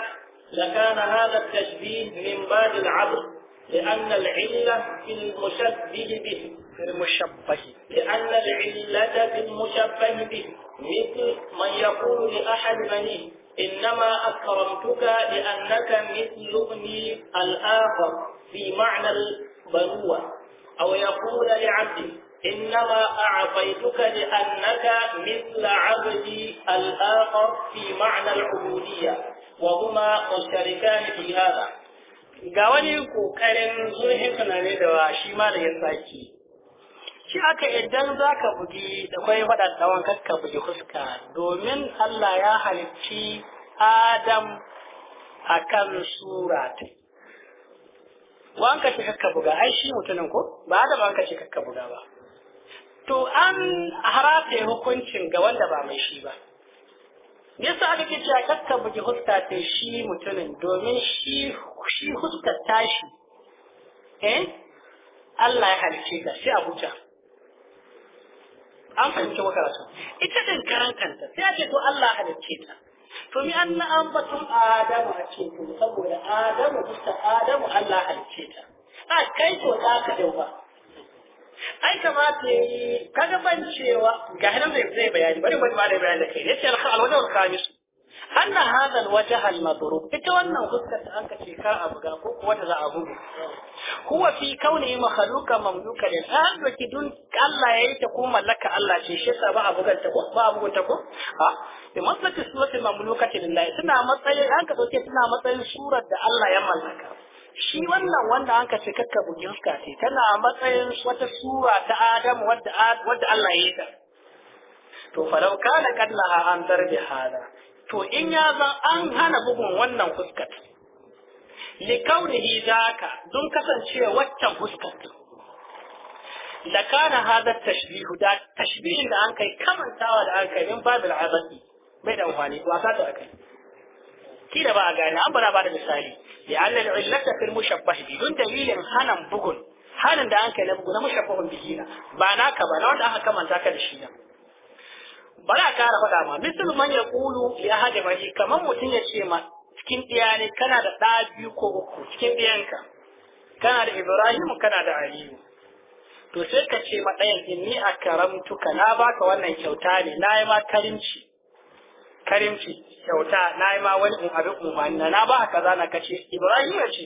لكان هذا التشبيه من باب العبد لأن العلة في المشبه به بالمشبه لأن العلة بالمشبه به مثل من يقول لأحد بنيه إنما أكرمتك لأنك مثل ابني الآخر في معنى البنوة أو يقول لعبدي إنما أعطيتك لأنك مثل عبدي الآخر في معنى العبودية وهما مشتركان في هذا ga wani kokarin zurhin tunani da shi ma da ya sake shi aka idan za ka bugi da kwai faɗa tsawon ka bugi fuska domin Allah ya halicci Adam a kan sura ta. Wa an kakka buga, ai shi mutumin ko? Ba Adam an shi kakka buga ba. To an harafe hukuncin ga wanda ba mai shi ba. Yasa aka ce a kakka bugi huska ta shi mutumin domin shi huska tashi. Eh? Allah ya halice ga sai a an fahimci makaratu ita din karan kanta sai ake to Allah halicce ta to mi an na ambaton Adamu a ce to saboda Adamu bisa Adamu Allah halicce ta a kai to za ka dau ba ai kamata yi kaga ban cewa ga hannun zai bayani bari bari ma da bayani da kai yace al-khamis anna hadha alwajh almadrub ita wannan fuskar da anka ce ka a buga ko kuwa da za a buga huwa fi kauni makhluqa mamluka lil ardu kidun Allah ya yi ta ko mallaka Allah ce shi yasa ba a bugar ta ko ba a bugun ta ko a bi maslaki suratul mamluka lillahi suna matsayin anka dauke suna matsayin surar da Allah ya mallaka shi wannan wanda an ka ce kakka bugin fuska ce tana matsayin wata sura ta Adam wadda wadda Allah ya yi ta to falau kana kallaha an darbi hada to in ya zan an hana bugun wannan fuskat likaunihi zaka don kasance waccan fuskat la kana hada tashbih da tashbihin da an kai kamantawa da an kai min babil abadi bai da amfani wasa da akai kila ba gane an bara ba da misali li anna al illata fil mushabbah don dalilin hanan bugun hanan da an kai na bugun mushabbahun bihina ba naka ba na wanda aka kamanta ka da shi na bari a kara faɗa ma misal man ya kulu ya haɗe baki kamar mutum ya ce ma cikin ɗiya ne kana da ɗa biyu ko uku cikin ɗiyanka kana da ibrahim kana da aliyu to sai ka ce ma ɗayan inni a karamtuka na baka wannan kyauta ne na yi ma karimci karimci kyauta na yi ma wani abin umarni na ba kaza na kace ibrahim ya ce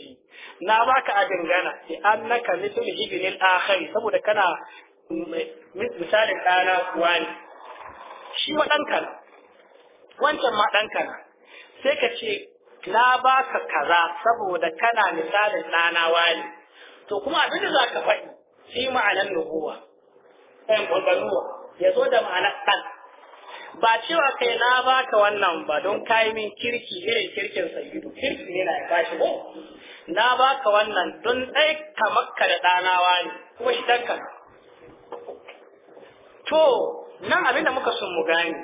na baka abin gana sai annaka mithlu ibnil akhari saboda kana mm, misalin ɗana wani shi ma ɗan kana wancan ma ɗan kana sai ka ce na ba ka kaza saboda kana misalin ɗana wani to kuma abin da za ka faɗi shi ma'anar nubuwa ɗan eh, ƙwaƙwaluwa ya zo da ma'anar ɗan ba cewa kai na ba ka wannan ba don kayi min kirki irin kirkin sayyidu kirki ne na ya bashi na na ka wannan don ɗai kamar ka da ɗanawa ne kuma shi ɗanka to nan abin da muka sun mu gani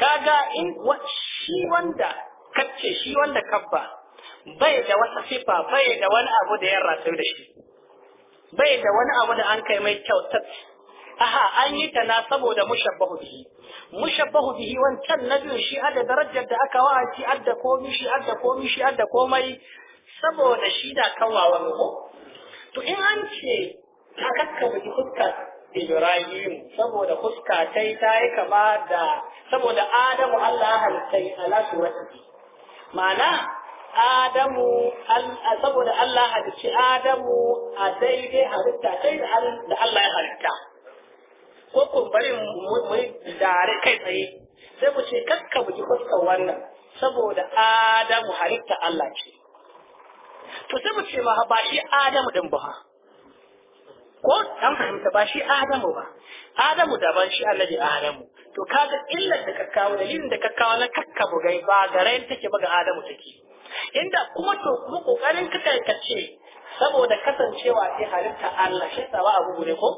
kaga in shi wanda kacce shi wanda kabba bai da wata sifa bai da wani abu da ya rasu da shi bai da wani abu da an kai mai kyautar aha an yi ta na saboda mushabbahu bihi mushabbahu bihi wancan na biyu shi adda darajar da aka wa'aci adda komi shi adda komi shi adda komai saboda shi da kawawa ko to in an ce a kakka bi fuskar Ibrahim saboda fuska ta yi ta yi kama da saboda Adamu Allah halittai ala surati ma'ana Adamu saboda Allah halicci Adamu a daidai halitta sai da Allah ya halitta ko kun bari mu yi dare kai tsaye sai mu ce kakka buki fuska wannan saboda Adamu halitta Allah ce to sai mu ce ma ba shi Adamu din ba ko an fahimta ba shi Adamu ba Adamu da ban shi annabi Adamu to kaga illar da ka kawo dalilin da ka kawo na kakka bugai ba gare take ba ga Adamu take inda kuma to kuma kokarin ka karkace saboda kasancewa sai halitta Allah shi tsawa abu ne ko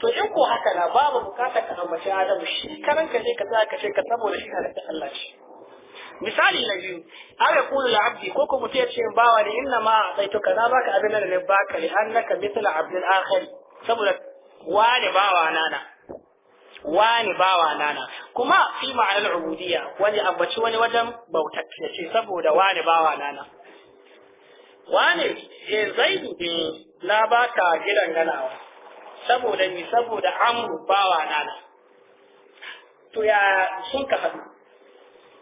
to in ko haka na babu bukatar ka ambaci Adamu shi karanka ka je ka za ka ce ka saboda shi halitta Allah shi misali na biyu aw yaqulu li abdi ko ko mutai ce bawa ne inna ma aitaituka na baka abin da ne baka li annaka mithla abdil akhir saboda wani bawa nana wani bawa nana kuma fi ma'anar ubudiyya wani ambaci wani wajen bautacce ce saboda wani bawa nana wani e eh, zaidu ne na ba ka gidan ganawa saboda ni saboda amru bawa nana to ya sun ka haɗu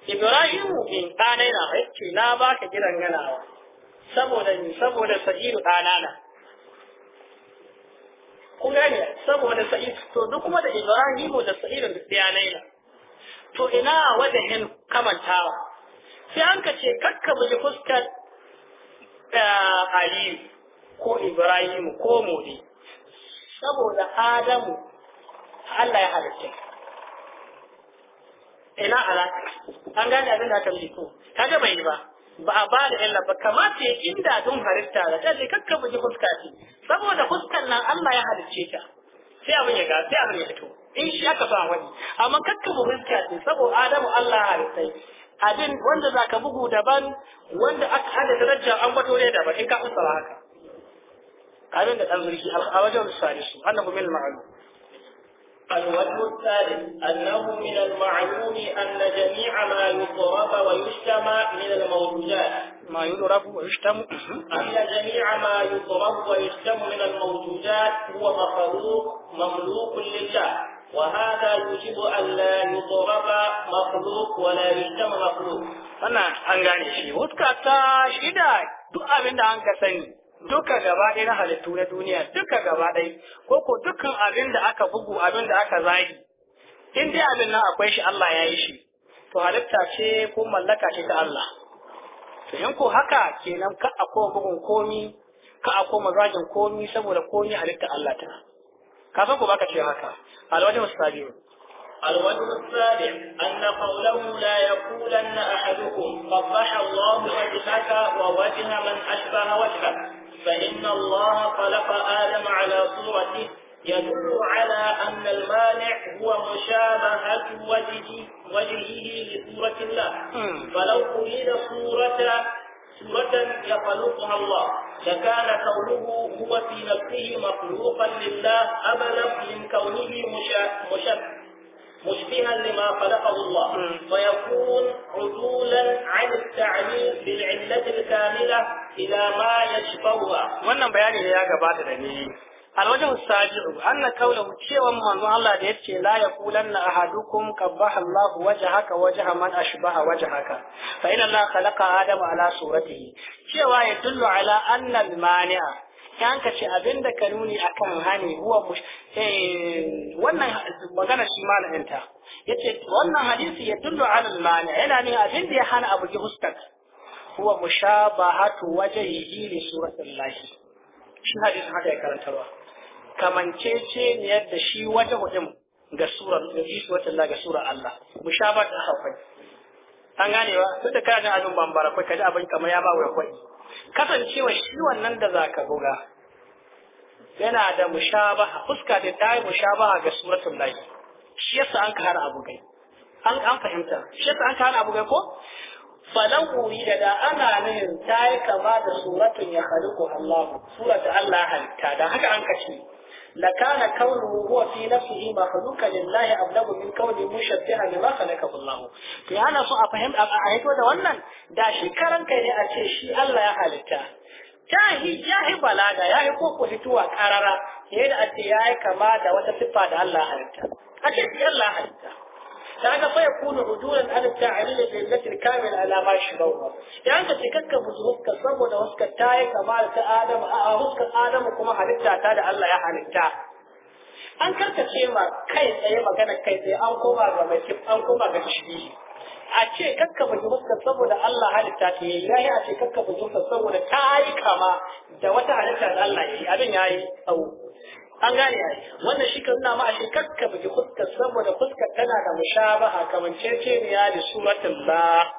ibrahimu bin ɗanai na ce na ka gidan ganawa saboda ni saboda sa'iru ɗanana kun gane saboda sa'id to duk kuma da ibrahimu da sa'idun da bayanai na to ina hin kamantawa sai an ka ce kakka buji fuskar eh, aliyu ko ibrahimu ko mudi saboda adamu allah ya halitta ina alaƙa an gane abin da aka miko ga bai yi ba ba a bada illa ba kamata ya inda don harita da ta kakka buji fuska ce saboda fuskan nan Allah ya halicce ta sai abin ya ga sai abin ya fito in shi aka ba wani amma kakka buji fuska ce saboda Adamu Allah ya halitta abin wanda zaka bugu daban wanda aka hada darajar an gwado ne daban in ka fusa haka kamin da dan zurfi a wajen salisu annabi min ma'lum الوجه الثالث أنه من المعلوم أن جميع ما يضرب ويشتم من الموجودات ما يضرب ويشتم أن جميع ما يضرب ويشتم من الموجودات هو مخلوق مملوك لله وهذا يجب أن لا يضرب مخلوق ولا يشتم مخلوق أنا أنغاني شيء وتكتا شيء داي دو أبين دا أنك سني duka gaba ɗaya na halittu na duniya duka gaba ɗaya ko ko dukkan abin da aka bugu abin da aka zagi in dai abin nan akwai shi Allah ya yi shi to halitta ce ko mallaka ce ta Allah to in ko haka kenan ka akwai bugun komi ka akwai mazajin komi saboda komi halitta Allah ta ka san ko baka ce haka alwajin sabiu الوجه السابع أن قوله لا يقولن أحدكم قبح الله وجهك ووجه من أشبه وجهك فإن الله خلق آدم على صورته يدل على أن المانع هو مشابهة وجهه, وجهه لصورة الله فلو أريد صورة صورة يخلقها الله لكان كونه هو في نفسه مخلوقا لله أبلغ من كونه مشابه مشبها لما خلقه الله ويكون عدولا عن التعليل بالعلة الكاملة إلى ما يشبهها وانا بيان يا جبادة دني الوجه الساجر أن كوله شيء ومهن الله ديرك لا يقولن أحدكم كبح الله وجهك وجه من أشبه وجهك فإن الله خلق آدم على صورته شيء يدل على أن المانع yan ka ce abinda ka nuni akan hani huwa eh, wannan magana shi malamin ya yace wannan hadisi ya dullu ala al-mani yana ne abinda ya hana abu hustak huwa mushabahatu wajhihi li suratul lahi shi hadisin haka ya karantarwa Kamance ce ne yadda shi wajhuhum ga surar ga suratul lahi ga surar Allah mushabahatu hakan an gane ba, duk da kana abin bambara kai kaji abin kamar ya ba wa kwai kasancewa shi wannan da za ka buga yana da mushabaha fuska da ta yi mushabaha ga suratun lahi shi yasa an ka hana abu gai an fahimta shi yasa an ka hana abu gai ko falon kuri da ana nuhin ta yi kama da suratun ya khaliqu Allah suratu Allah halitta da haka an ka ce لكان كونه هو في نفسه مخلوقا لله أبلغ من كونه مشبها بما خلقه الله في أنا سوء أفهم أعيد وده ونن دا شي كرن كي أتي شي الله يحالتا jahi jahi balaga yahi ko ko fituwa karara yadda ake yayi kama da wata siffa da Allah halitta ake Allah halitta kaga fa yakunu ujuran ala ta'lil al-illati al-kamil ala ma shibahu dan ka cikakka musulunka saboda huskar ta yi kama da ta adam a huskar adam kuma halitta ta da Allah ya halitta an karkace ma kai tsaye magana kai tsaye an koma ga mai an koma ga shi a ce kakka buji huskar saboda Allah halitta ta yi yayi a ce kakka buji huskar saboda ta yi kama da wata halitta da Allah ya yi abin yayi tsawo an gane ya wannan shi kar nuna ma kakka bugi saboda fuskar tana da mushabaha kamanceceniya da suratun ba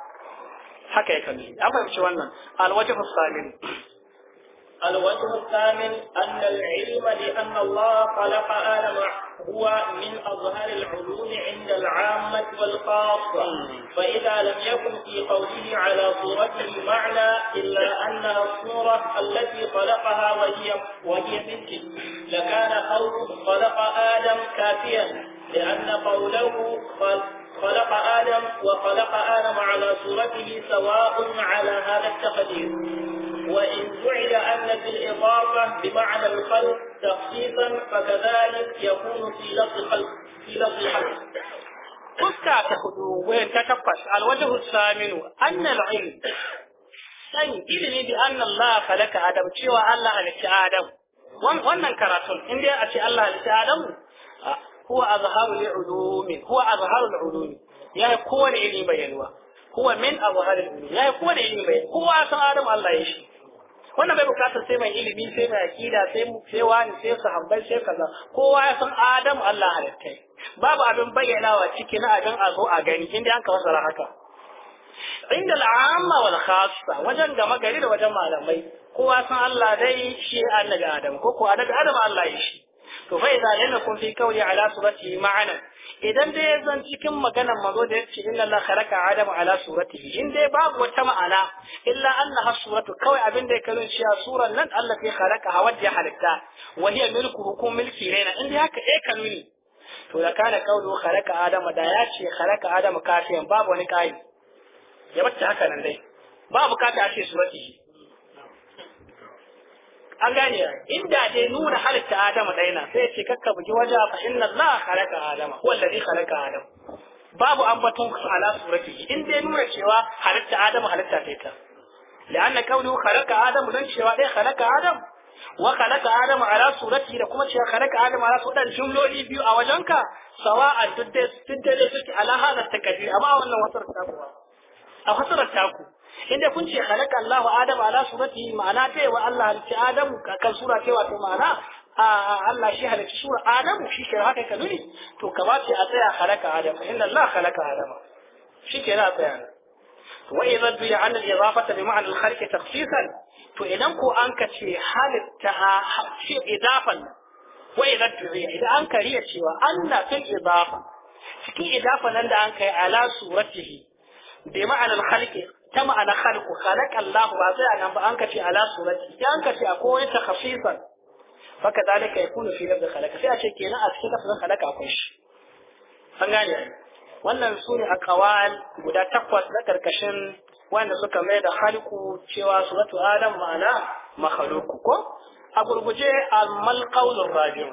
haka ya kalli an fahimci wannan alwajhu ne. الوجه الثامن أن العلم لأن الله خلق آدم هو من أظهر العلوم عند العامة والخاصة فإذا لم يكن في قوله على صورته معنى إلا أنها الصورة التي خلقها وهي وهي مثل لكان قول خلق آدم كافيا لأن قوله خلق آدم وخلق آدم على صورته سواء على هذا التقدير وإن جعل أن في الإضافة بمعنى الخلق تخصيصا فكذلك يكون في لفظ خلق في لفظ الحلق فسكا تخدو وتتقص الوجه الثامن أن العلم san ilimi bi anna Allah khalaqa Adam cewa Allah halitta Adam wannan karatun in dai a ce Allah halitta Adam huwa azharu li ulumi huwa azharu kowane bayanwa Kuwa min azharil ulumi ya kowane ilimi bayan kowa san Adam Allah ya shi wannan bai bukatar sai mai ilimi sai mai akida sai mu sai wani sai hambal sai kaza kowa ya san adam Allah halittai babu abin bayyanawa ciki na abin a zo a gani inda an ka wasara haka inda al'amma wal khassa wajen gama gari da wajen malamai kowa san Allah dai shi annabi adam ko ko annabi adam Allah ya shi to fa idza kun fi qawli ala surati ma'ana idan dai ya zan cikin maganar manzo da ya yace inna Allah khalaqa adam ala suratihi in dai babu wata ma'ana illa annaha suratu kawai abin da ya kalon shi a suran nan Allah sai khalaqa hawa ya halitta wa hiya milku hukum milki raina in dai haka eh kanuni to da kana kaulu khalaqa adam da ya ce khalaqa adam kafiyan babu wani kai ya bata haka nan dai babu bukata a ce suratihi an gane inda dai nuna halitta adama daina sai ce kakka bugi waje fa inna allaha khalaqa adama huwa alladhi khalaqa adama babu ambaton ala surati in dai nuna cewa halitta adama halitta sai ta لأن كونه خلق آدم لن شواء da kuma وخلق آدم Adamu صورته لكم شيء خلق آدم على Sawa a اللي بيو أوجنك سواء تدرسك على هذا التكبير أما أولا وصر التاكو أو وصر التاكو inda kun ce khalaqa Allahu Adam ala surati ma'ana kai wa Allah halitta Adam kan sura kai wato ma'ana Allah shi halitta sura Adam shi ke haka ka nuni to ka ba ce a tsaya khalaqa Adam inna Allah khalaqa Adam shi ke na tsaya wa idza duya an al-idafata bi ma'na al-khalqi takhsisan to idan ko an ka ce halitta shi idafan wa idza duya idan an kariya cewa Allah fil idafa cikin idafa nan da an kai ala suratihi bi ma'na al-khalqi ta ma'ana khalqu khalaqa Allah ba sai anan ba an kace ala surati sai an kace akwai ta khafifan faka zalika yakunu fi lafzi khalaqa sai a ce kenan a cikin lafzin khalaqa akwai shi an gane wannan sune aqwal guda takwas na karkashin wanda suka mai da khaliqu cewa suratu adam ma'ana makhluqu ko a gurguje al-malqawlur rabi'u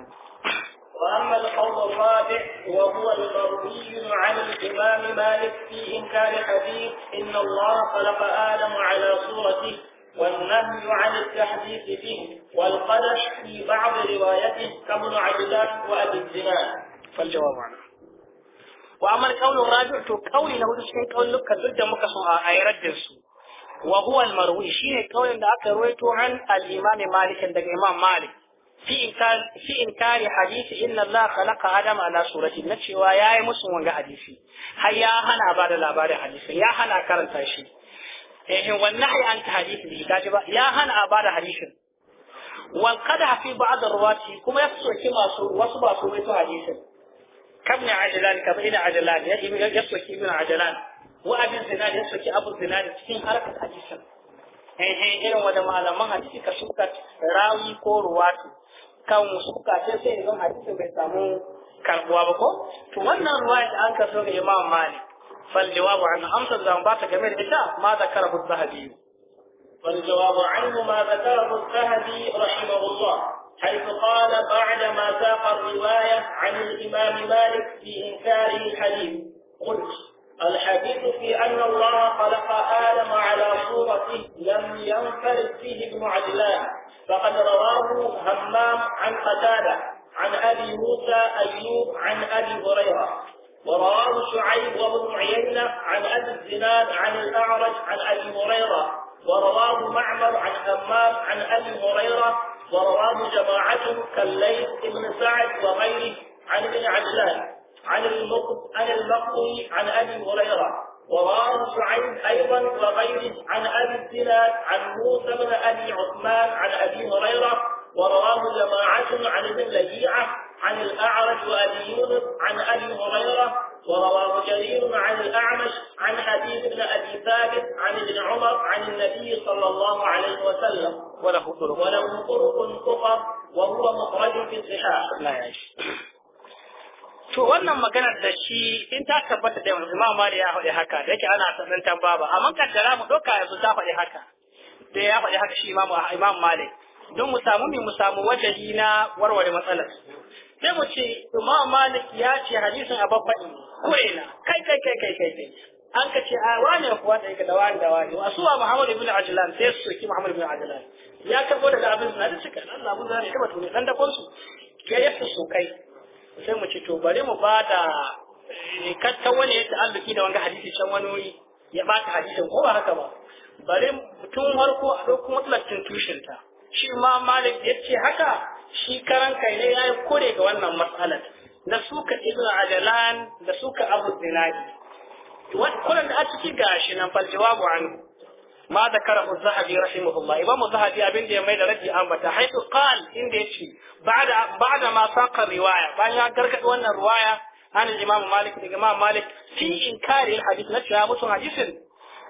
وأما القول الرابع وهو المروي عن الإمام مالك في إنكار حديث إن الله خلق آدم على صورته والنهي عن التحديث فيه والقدح في بعض روايته كابن عبدان وأبي الزمان. فالجواب عنه وأما القول الرابع تو له شيء قول لك ضد مكسوها أي رد وهو المروي شيء قول لك رويته عن الإمام مالك عند الإمام مالك fi in kare hadisi inna Allah khalaqa adam ala surati na cewa yayi musu wanga hadisi har ya hana ba da labarin hadisi ya hana karanta shi eh wannan ai an ta hadisi bi kaji ba ya hana a bada hadisin wal qadha fi ba'd ar-ruwati kuma ya soki masu wasu ba su wato hadisin kam ne ajalan kam ina ajalan ya ya soki ibn ajalan wa abin zinad ya soki abu zinad cikin harkar hadisin eh irin wanda malaman hadisi ka suka rawi ko ruwatu kan wasu bukatun sai zan hadisin bai samu karbuwa ba ko to wannan ruwaya da an kaso ga Imam Malik fal jawabu an amsa da an bata game da ita ma zakara bu zahabi wal jawabu anhu ma zakara bu zahabi rahimahullah حيث قال بعد ما ساق الرواية عن الإمام مالك في إنكار الحديث قلت الحديث في أن الله خلق آدم على صورته لم ينفرد فيه ابن عجلان فقد رواه همام عن قتادة عن أبي موسى أيوب عن أبي هريرة ورواه شعيب وابن عيينة عن أبي الزناد عن الأعرج عن أبي هريرة ورواه معمر عن همام عن أبي هريرة ورواه جماعة كالليث بن سعد وغيره عن ابن عجلان عن عن المقبري عن ابي هريره وراه شعيب ايضا وغيره عن ابي الزناد عن موسى بن ابي عثمان عن ابي هريره ورواه جماعه عن ابن لبيعه عن الاعرج وابي يونس عن ابي هريره ورواه جرير عن الأعمش عن حبيب بن أبي ثابت عن ابن عمر عن النبي صلى الله عليه وسلم وله طرق وله طرق فقط وهو مخرج في الصحاح لا يعيش to wannan maganar da shi in ta tabbata da Imam Malik ya faɗi haka da yake ana sanin A amma kaddara mu doka yanzu ta faɗi haka da ya faɗi haka shi Imam Imam Malik don mu samu mu samu yi na warware matsalar sai mu ce Imam Malik ya ce hadisin Abu Bakr kurena kai kai kai kai kai an ka ce a wane kuwa da yake da wani da wani wasu wa Muhammadu ibn Ajlan sai su soki Muhammadu ibn Ajlan ya karbo daga abin sunadi cikin Allah mun zane kaba to ne dan da su ya yafsu kai sai mu ce to bari mu ba da rikattar eh, wani ya ta'alluki da wanga hadisi can wani wuri ya bata hadisin ko ba haka ba bari mutum farko a ɗauki matsalar tushen ta shi ma malik ya ce haka shi karan kai ne ya yi kore ga wannan matsalar da suka ibn ajalan da suka abu zinadi wannan da a ciki shi nan fal an ma da kara zahabi a imamu zahabi abin da ya a da raji ambata haitu qal inda ya ba'da ba'da ma saqa riwaya bayan ya gargadi wannan riwaya an imam malik da imam malik fi inkari hadith na cewa mutum hadisin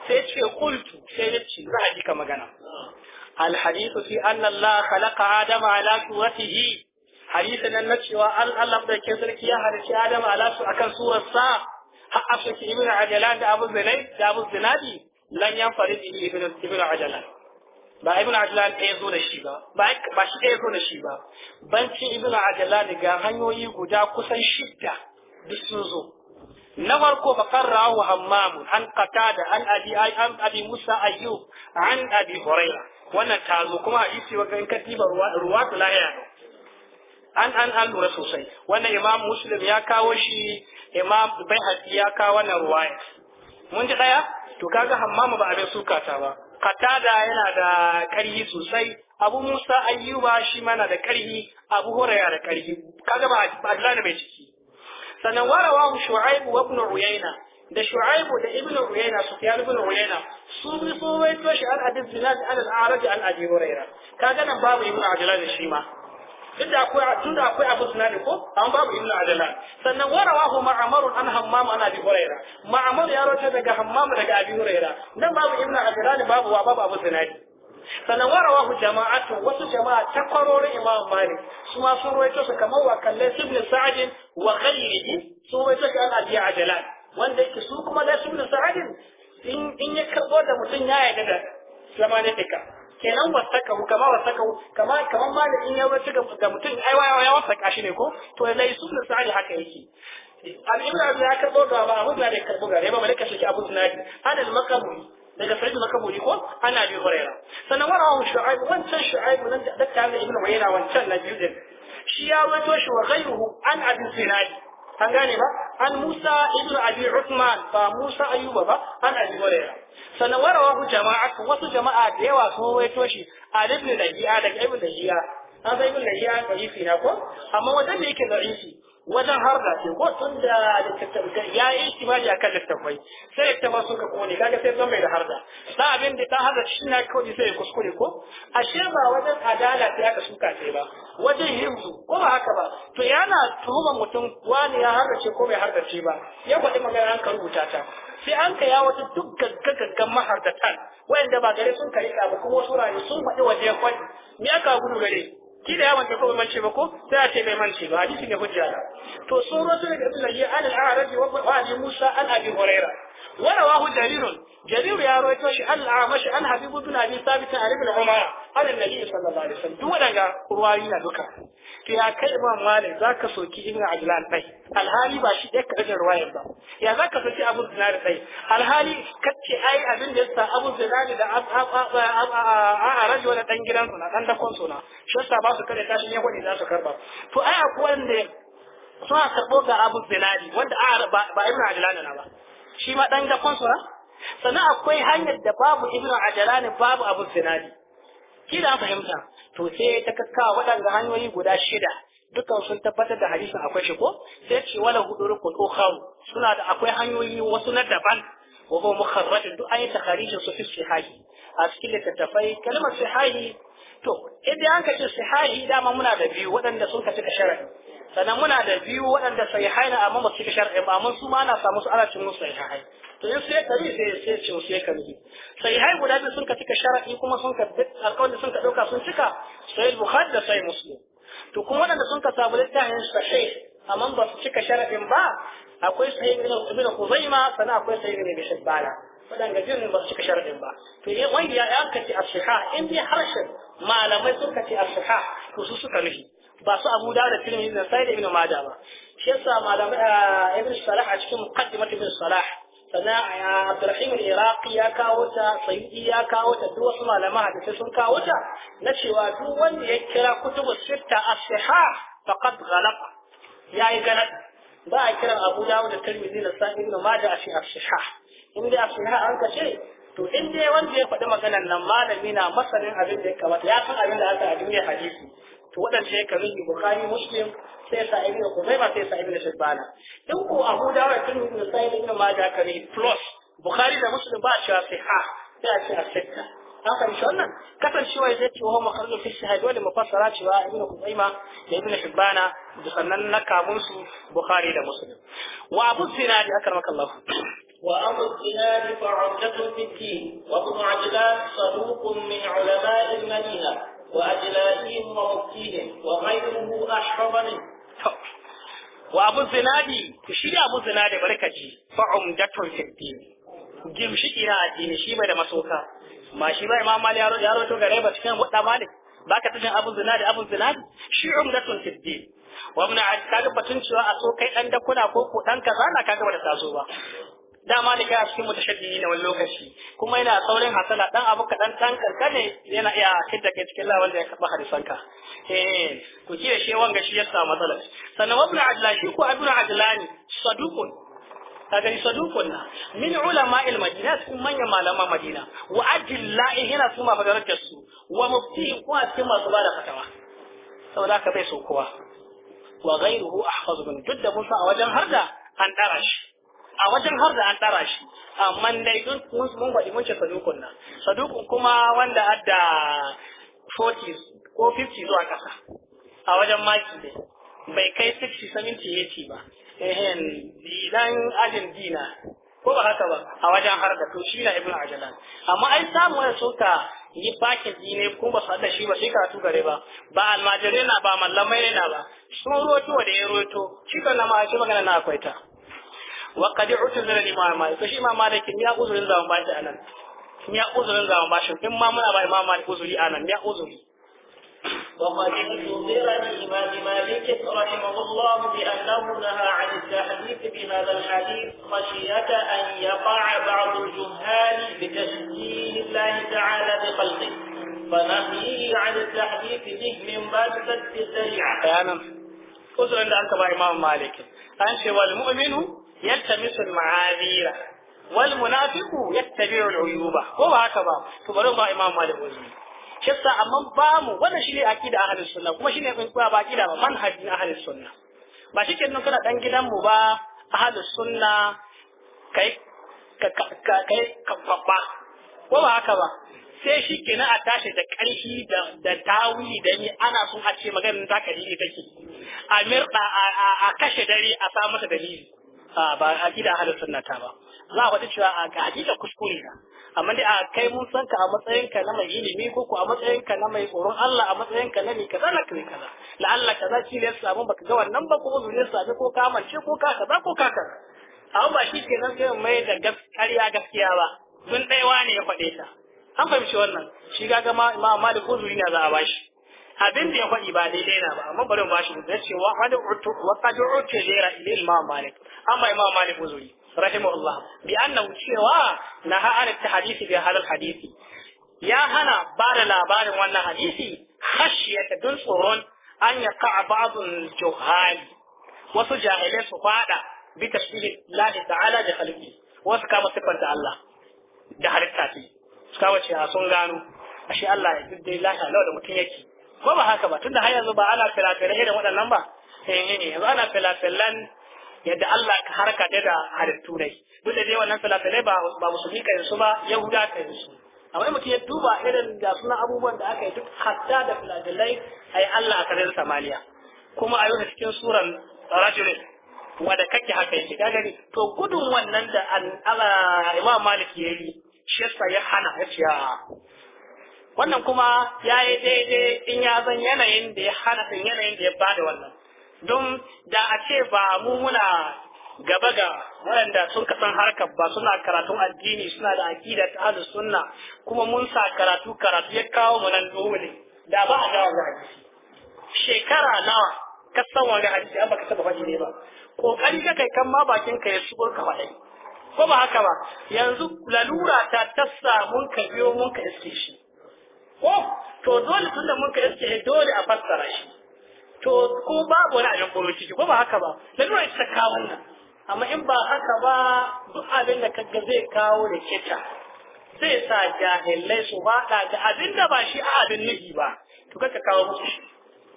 sai ce qultu sai yace zahabi ka magana al hadithu fi anna allah khalaqa adama ala suratihi hadisin nan na cewa Allah da ke sarki ya halarci Adam ala su akan surarsa har afshaki ibn ajalan da abu zinai abu zinadi lan yan farid ibn ibn ajlan ba ibn ajlan ɗaya zo da shi ba ba shi ya zo da shi ba bancin ibn ajlan ga hanyoyi guda kusan shidda duk sun zo na farko bakarrahu hammam an qatada an abi an abi musa ayyub an abi hurayra wannan ta zo kuma hadisi wa kan katiba ta lahiya an an an lura sosai wannan imam muslim ya kawo shi imam bai ya kawo wannan ruwaya mun ji daya to kaga hammama ba abin suka ta ba qatada yana da karhi sosai abu musa ayyuba shi mana da karhi abu huraya da karhi kaga ba ne mai ciki sannan warawa shu'aib wa ibn uyayna da Shu'aibu, da ibn uyayna sufyan ibn uyayna su bi so wai to shi al hadith zinad al araj al kaga nan babu ibn ajlan shi ma duk da akwai tun da akwai abu sunani ko an babu ibnu adlan sannan rawahu ma'mar an hammam an abi huraira ma'mar ya rawaita daga hammam daga abi huraira nan babu adala adlan babu wa babu abu sunani sannan rawahu jama'atu wasu jama'a ta kwarorin imam malik su ma sun rawaito su kamar wa kalle ibn sa'd wa ghayrihi sun rawaito ga an abi adlan wanda yake su kuma da ibn sa'd in ya karbo da mutum ya yarda da zamanin ne kenan wasakahu kama wasakahu kama kaman malamin ya wuce ga mutum ai waya ya wasaka shi ne ko to lai su da sa'ali haka yake al-ibn abi ya karbo da ba abu da karbo gare ba malaka shi abu sunadi ana al-makamu daga sa'id makabuli ko ana bi huraira sannan warawa shu'aib wancan shu'aib nan da dakka ibn huraira wancan na biyu din shi ya wato shi wa ghayruhu an abi sunadi an gane ba an Musa ibn Abi Uthman ba Musa Ayuba ba an Abi Hurairah sannan warawa jama'a wasu jama'a da yawa sun rawaito shi Ali ibn Lahiya da ibn Lahiya an san ibn Lahiya da'ifi na ko amma wajen da yake wannan harda ce ko tun da littattafai ya yi kimani a kan littattafai sai littattafai suka kone kaga sai zan bai da harda na abin da ta harda shi na kawai sai ya kuskure ko ashe ba wajen adala ya aka suka ce ba wajen himzu ko ba haka ba to yana tuhumar mutum wani ya ce ko bai hardace ba ya faɗi magana an ka rubuta ta sai an ka ya wata duk gaggagaggan mahardatan wayanda ba gare sun karika ba kuma wasu rayu sun faɗi waje kwai, me aka gudu gare kila ya manta ko bai mance ba ko sai a ce mai mance ba hadisin ya hujja to sun ne da Abdullahi an al-Arabi wa Musa an Abi ورواه جرير جرير يا رويتوش الأعمش عن حبيب بن أبي ثابت عن ابن عمر عن النبي صلى الله عليه وسلم دولا رواينا دوكا يا كلمة مالك ذاك سوكي ابن عجلان بي الهالي باشي ديك أجل رواية با يا ذاك سوكي أبو الزنار بي الهالي كتشي أي أبن ديسا أبو الزنار دا أب أب أب أرج ولا تنجلان سنة عند كون سنة شو سابا سكرة تاشي يهو إذا سكربا فأي أقوان دي سوى سبوك أبو الزنار وانت أعرف با ابن عجلان أنا با shi ma ɗan dakon su sannan akwai hanyar da babu ibnu ajalani babu abu sinadi da fahimta to sai ta kakkawa waɗanda hanyoyi guda shida dukan sun tabbatar da hadisin akwai shi ko sai ce wala hudurukun ukhar suna da akwai hanyoyi wasu na daban wa huwa duk an yi takharijin su fi sahihi a cikin littattafai kalmar sihahi to idan an kace sihahi dama muna da biyu waɗanda sun kace da shar'i sannan muna da biyu waɗanda sahihai na amma ba su cika shar'i ba mun su ma ana samu su ana cin musu sahihai to in sai kari sai sai ce sai kari sahihai guda biyu sun kace ka shar'i kuma sun ka alƙawarin sun ka dauka sun cika Sai bukhari da sai muslim to kuma waɗanda sun ka samu littafin sahih amma ba su cika shar'in ba akwai sahih ibn Khuzaimah sannan akwai sahih ibn Hibban waɗanda jin ba su cika sharadin ba to yi wanda ya ka ce asiha in dai harshen malamai suka ce asiha to su suka nufi ba su abu da da filmi da sai da ibn majah ba shi yasa malamai eh, ibn salah a cikin muqaddimat ibn salah sannan eh, abdurrahim al-iraqi ya kawo ta sayyidi ya kawo ta duk wasu malaman hadisi sun kawo ta na cewa duk wanda ya kira kutubu sitta asiha faqad Ya yi galata ba a kiran abu dawud da tirmidhi da sa'id ibn majah a shi asiha in dai a shari'a an kashe to in dai wanda ya faɗi maganar nan malami na masanin abin da ya kamata ya san abin da aka a duniyar hadisi to waɗanda ya kamin yi bukari muslim sai sa ibn kuzaima sai sa ibn shibbana in ko abu dawo da tun ibn sa'id ibn majah kare plus bukari da muslim ba cewa sai ha sai a ce a sitta an shi wannan kasancewa zai ce wa makarnu fi shahadi wani mafassara cewa ibn kuzaima da ibn shibbana da sannan na kamun su bukari da muslim wa abu zinadi akramaka وأمر الزناد فعمدة في الدين وابن عجلان صدوق من علماء المدينة وأجلائهم ومفتيهم وغيره أشرف منه وأبو الزناد كشي أبو الزناد بركتي فعمدة في الدين gimshi ina addini shi bai da masoka ma shi bai ma mali yaro yaro to gare ba cikin mutda malik baka tajin abu zinadi abu zinadi shi umdatun tiddi wa mun a batun cewa a so kai dan dakuna ko ko dan kaza na kaga ba da taso ba dama da a cikin mutashaddidi na wani lokaci kuma yana saurin hasala dan abu kadan dan kankane yana iya kidda kai cikin lawan da ya karba hadisanka eh to kiyaye shi wanga shi yasa matsalar sannan ibn adlan shi ko ibn adlan saduqun kaga ni saduqun na min ulama al madina cikin manyan malaman madina wa adillai yana suma ma fadarar su wa mufti ko a cikin masu bada fatawa saboda haka bai so kowa wa ghayruhu ahfaz min duk da musa a wajen harda an dara shi a wajen har da an ɗara shi amma dai don mun faɗi mun ce sadukun nan sadukun kuma wanda adda 40 ko 50 zuwa ƙasa a wajen maki ne bai kai 60 70 80 ba ehen dinan ajin dina ko ba haka ba a wajen har da to shi na a ajalan amma ai samu wani suka yi bakin dine ko ba su haɗa shi ba sai karatu gare ba ba almajirai na ba mallamai na ba sun roto da ya roto shi kan na ma magana na akwai ta وقد عتل من الإمام مالك فشي إمام مالك ميا أوزر إلا ما بعد أنا ميا أوزر إلا ما بعد إمام مالك أبا إمام مالك أوزر أنا ميا أوزر وقد انتظر الإمام مالك رحمه الله بأنه نهى عن التحديث بهذا الحديث خشية أن يقع بعض الجهال بتشكيل الله تعالى بخلقه فنهيه عن التحديث به من باب فتح السريعة. أنا أوزر إلا أنت بإمام مالك أنشئ والمؤمن yaltamisu al-ma'azira wal munafiqu yattabi'u al-uyuba ko ba haka ba to bari ba imam malik uzuri shi amma ba mu wannan shine akida ahlus sunna kuma shine kuma ba akida ba manhajin ahlus sunna ba shi kenan kana dan gidan mu ba sunna kai ka ko ba haka ba sai shi kenan a tashi da ƙarfi da da da ni ana sun a ce maganar ta kadiri take a mirɗa a kashe dare a samu masa dalili a ba aqida ahlus sunna ta ba za a faɗi cewa a ga kuskure ka amma dai a kai mun san ka a matsayin ka na mai ilimi ko ko a matsayin na mai tsoron Allah a matsayin ka na mai kaza na kai kaza la'alla kaza shi ne samu baka ga wannan ba ko zuri sami ko ka mance ko ka kaza ko ka kaza amma ba shi kenan sai mai da gaskiya gaskiya ba mun daiwa ne ya faɗe ta an fahimci wannan shi ga ma Imam Malik ko zuri na za a bashi abin da ya faɗi ba daidai na ba amma bari mu bashi hujja ce wa da urtu wa qad urtu zira ila imam malik amma imam malik uzuri rahimahullah bi annahu cewa naha an hadisi bi hadal hadisi ya hana ba da labarin wannan hadisi khashiyata dun tsoron an yaqa ba'dul juhali wasu jahilai su fada bi tashbihi lahi ta'ala da khalqi wasu kama sifanta Allah da halitta su kama wace sun gano ashe Allah ya dai lahi Allah da mutum yake ko ba haka ba da har yanzu ba ana filafilan irin waɗannan ba eh, eh, yanzu ana filafilan yadda Allah ka harka da da halittu ne duk da dai wannan filafilai ba ba musulmi kan ba yahuda kan su amma mutum ya duba irin da suna abubuwan da aka yi duk hatta da filafilai yi Allah a karin samaniya. kuma a yau cikin suran rajul wanda kake haka yake kaga ne to gudun wannan da Allah Imam Malik yayi shi yasa ya hana ya ce wannan kuma ya yi daidai in ya zan yanayin da ya hana sun yanayin da ya bada wannan don da a ce ba mu muna gaba ga waɗanda sun kasan harkar ba suna karatun addini suna da aƙida ta ahlus sunna kuma mun sa karatu karatu ya kawo mu nan dole da ba a ga wannan shekara nawa ka san wannan hadisi an baka taba faɗi ne ba kokari ka kai kan ma bakin ka ya shigo ka faɗi ko ba haka ba yanzu lalura ta tassa mun ka biyo mun ka iske shi ko to dole tunda mun ka iske dole a fassara shi to ko babu wani abin koyo ciki ko ba haka ba da dole ita kawo wannan amma in ba haka ba duk abin da kaga zai kawo da kita zai sa jahilai su faɗa da abin da ba shi a abin nufi ba to kaka kawo musu shi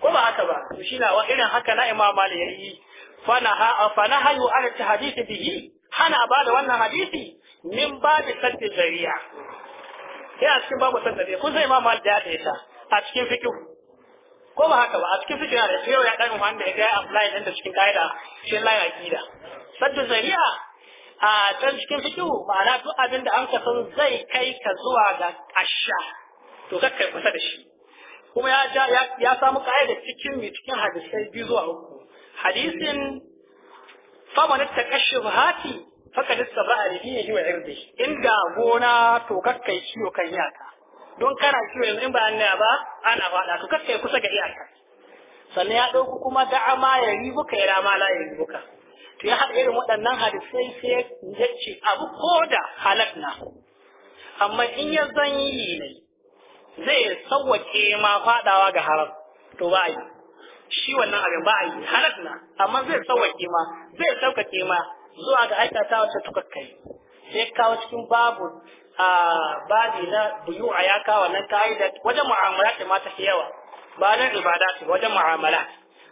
ko ba haka ba to shi na wa irin haka na imam mali yi fanaha yu ala hadisi bihi hana ba da wannan hadisi min ba da sadda zariya ya eh, a cikin babu sanadiyya kun sai imam malik ya da ita a cikin fiqh ko ba haka ba a cikin fiqh da yau ya dan wanda ya ga apply din da cikin kaida cikin a aqida Sadda zariya a can cikin fikihu ma'ana duk abin da an ka san zai kai ka zuwa ga ƙasha to kakkai kusa da shi kuma ya ya samu kaida cikin mi cikin hadisai biyu zuwa uku hadisin famanin ta hati faka dissa ba a rifihi wa irdi inda gona to kakkai ciwo kan iyaka don kana ciwo yanzu in ba an ba ana faɗa to kakkai kusa ga iyaka sannan ya ɗauku kuma da'ama ya ribuka ya rama la ya ribuka to ya haɗa irin waɗannan hadisai sai ya ce abu ko da halak na amma in ya zan yi ne zai sawwake ma faɗawa ga haram to ba yi shi wannan abin ba a yi halak na amma zai sawwake ma zai sauƙaƙe ma zuwa ga aikata wacce tuka kai sai kawo cikin babu a babi na buyu a ya kawo nan da wajen mu'amala ta mata yawa ba nan ibada ce wajen mu'amala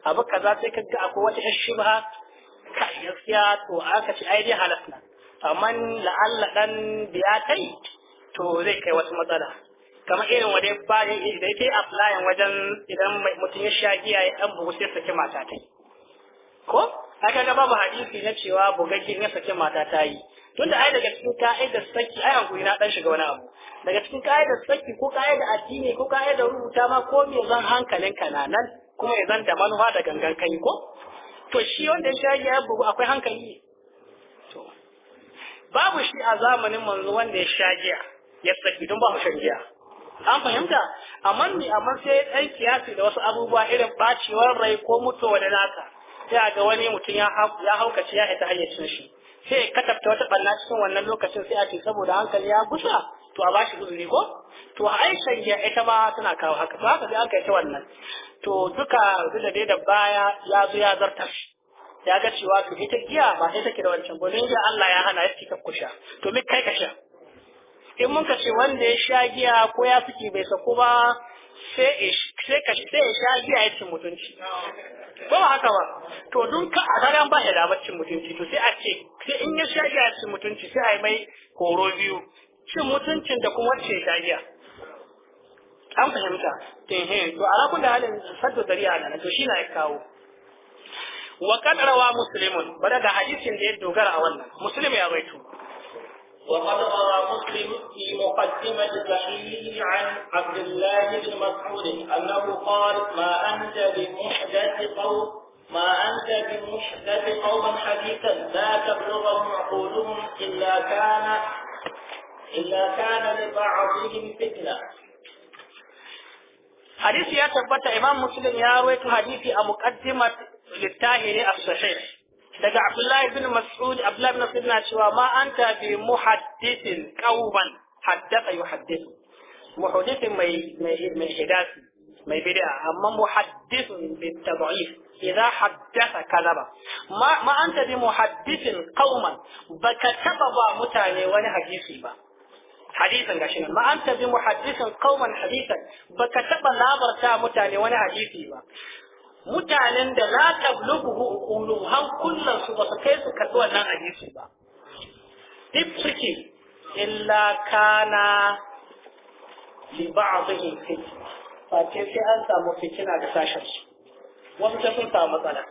abu za sai ga akwai wata yar shubha ka gaskiya to aka ce ai dai halasna amma la'alla dan biya kai to zai kai wasu matsala kamar irin wadai bayan idan kai aflayan wajen idan mutum ya sha giya ya dan bugu sai sake mata tai ko aka ga babu hadisi na cewa bugaggen ya saki mata ta yi tunda ai daga cikin ka'idar saki ai hankuri na dan shiga wani abu daga cikin ka'idar saki ko ka'idar addini ko ka'idar rubuta ma ko me zan hankalin ka na nan kuma ya zan da manufa da gangan kai ko to shi wanda ya ya bugu akwai hankali to babu shi a zamanin manzo wanda ya shagiya ya saki don babu shagiya an fahimta amma ni amma sai ɗan kiyasi da wasu abubuwa irin bacewar rai ko mutuwa da naka sai ga wani mutum ya haukace ya ita cin shi sai katabta wata banna cikin wannan lokacin sai a ce saboda hankali ya gusa to a bashi uzuri ko to Aisha ya ita ma tana kawo haka to haka sai aka yi ta wannan to duka da da baya ya zo ya shi ya ga cewa to ita giya ba sai take da wancan gobe giya Allah ya hana ya cika kusha to mi kai ka sha in mun ce wanda ya sha giya ko ya fiki bai sako ba sai sai ka sai sha giya ya ci mutunci Ba ba haka ba to dun ka a daren ba ya da cin mutunci to sai a ce sai in ya sha giya cin mutunci sai a yi mai horo biyu cin mutuncin da kuma ce shariya an fahimta ehe to a rakun da halin saddu dariya nan to shi na ya kawo wa kan rawa muslimun bada ga hadisin da ya dogara a wannan muslim ya baito وقد روى مسلم في مقدمة صحيحه عن عبد الله بن مسعود أنه قال ما أنت بمحدث قوم ما أنت بمحدث قوما حديثا لا تبلغهم عقولهم إلا كان إلا كان لبعضهم فتنة حديث يا تبت إمام مسلم يا رويت حديثي أمقدمة للتاهر الصحيح daga Abdullahi bin Mas'ud Abdullahi bin Mas'ud na cewa ma anta bi muhaddisin qauman haddatha yuhaddithu muhaddisin mai mai mai hidasi mai bid'a amma muhaddisun bi tad'if idza haddatha kadaba ma ma anta bi muhaddisin qauman baka taba ba mutane wani hadisi ba hadisan gashi nan ma anta bi muhaddisin qauman hadisan baka taba labarta mutane wani hadisi ba mutanen da la tablughu han hankulan su ba su kai su kasu wannan hadisi ba duk suke illa kana li ba'dhihi fa ce sai an samu fitina da sashen su wasu ta sun samu matsala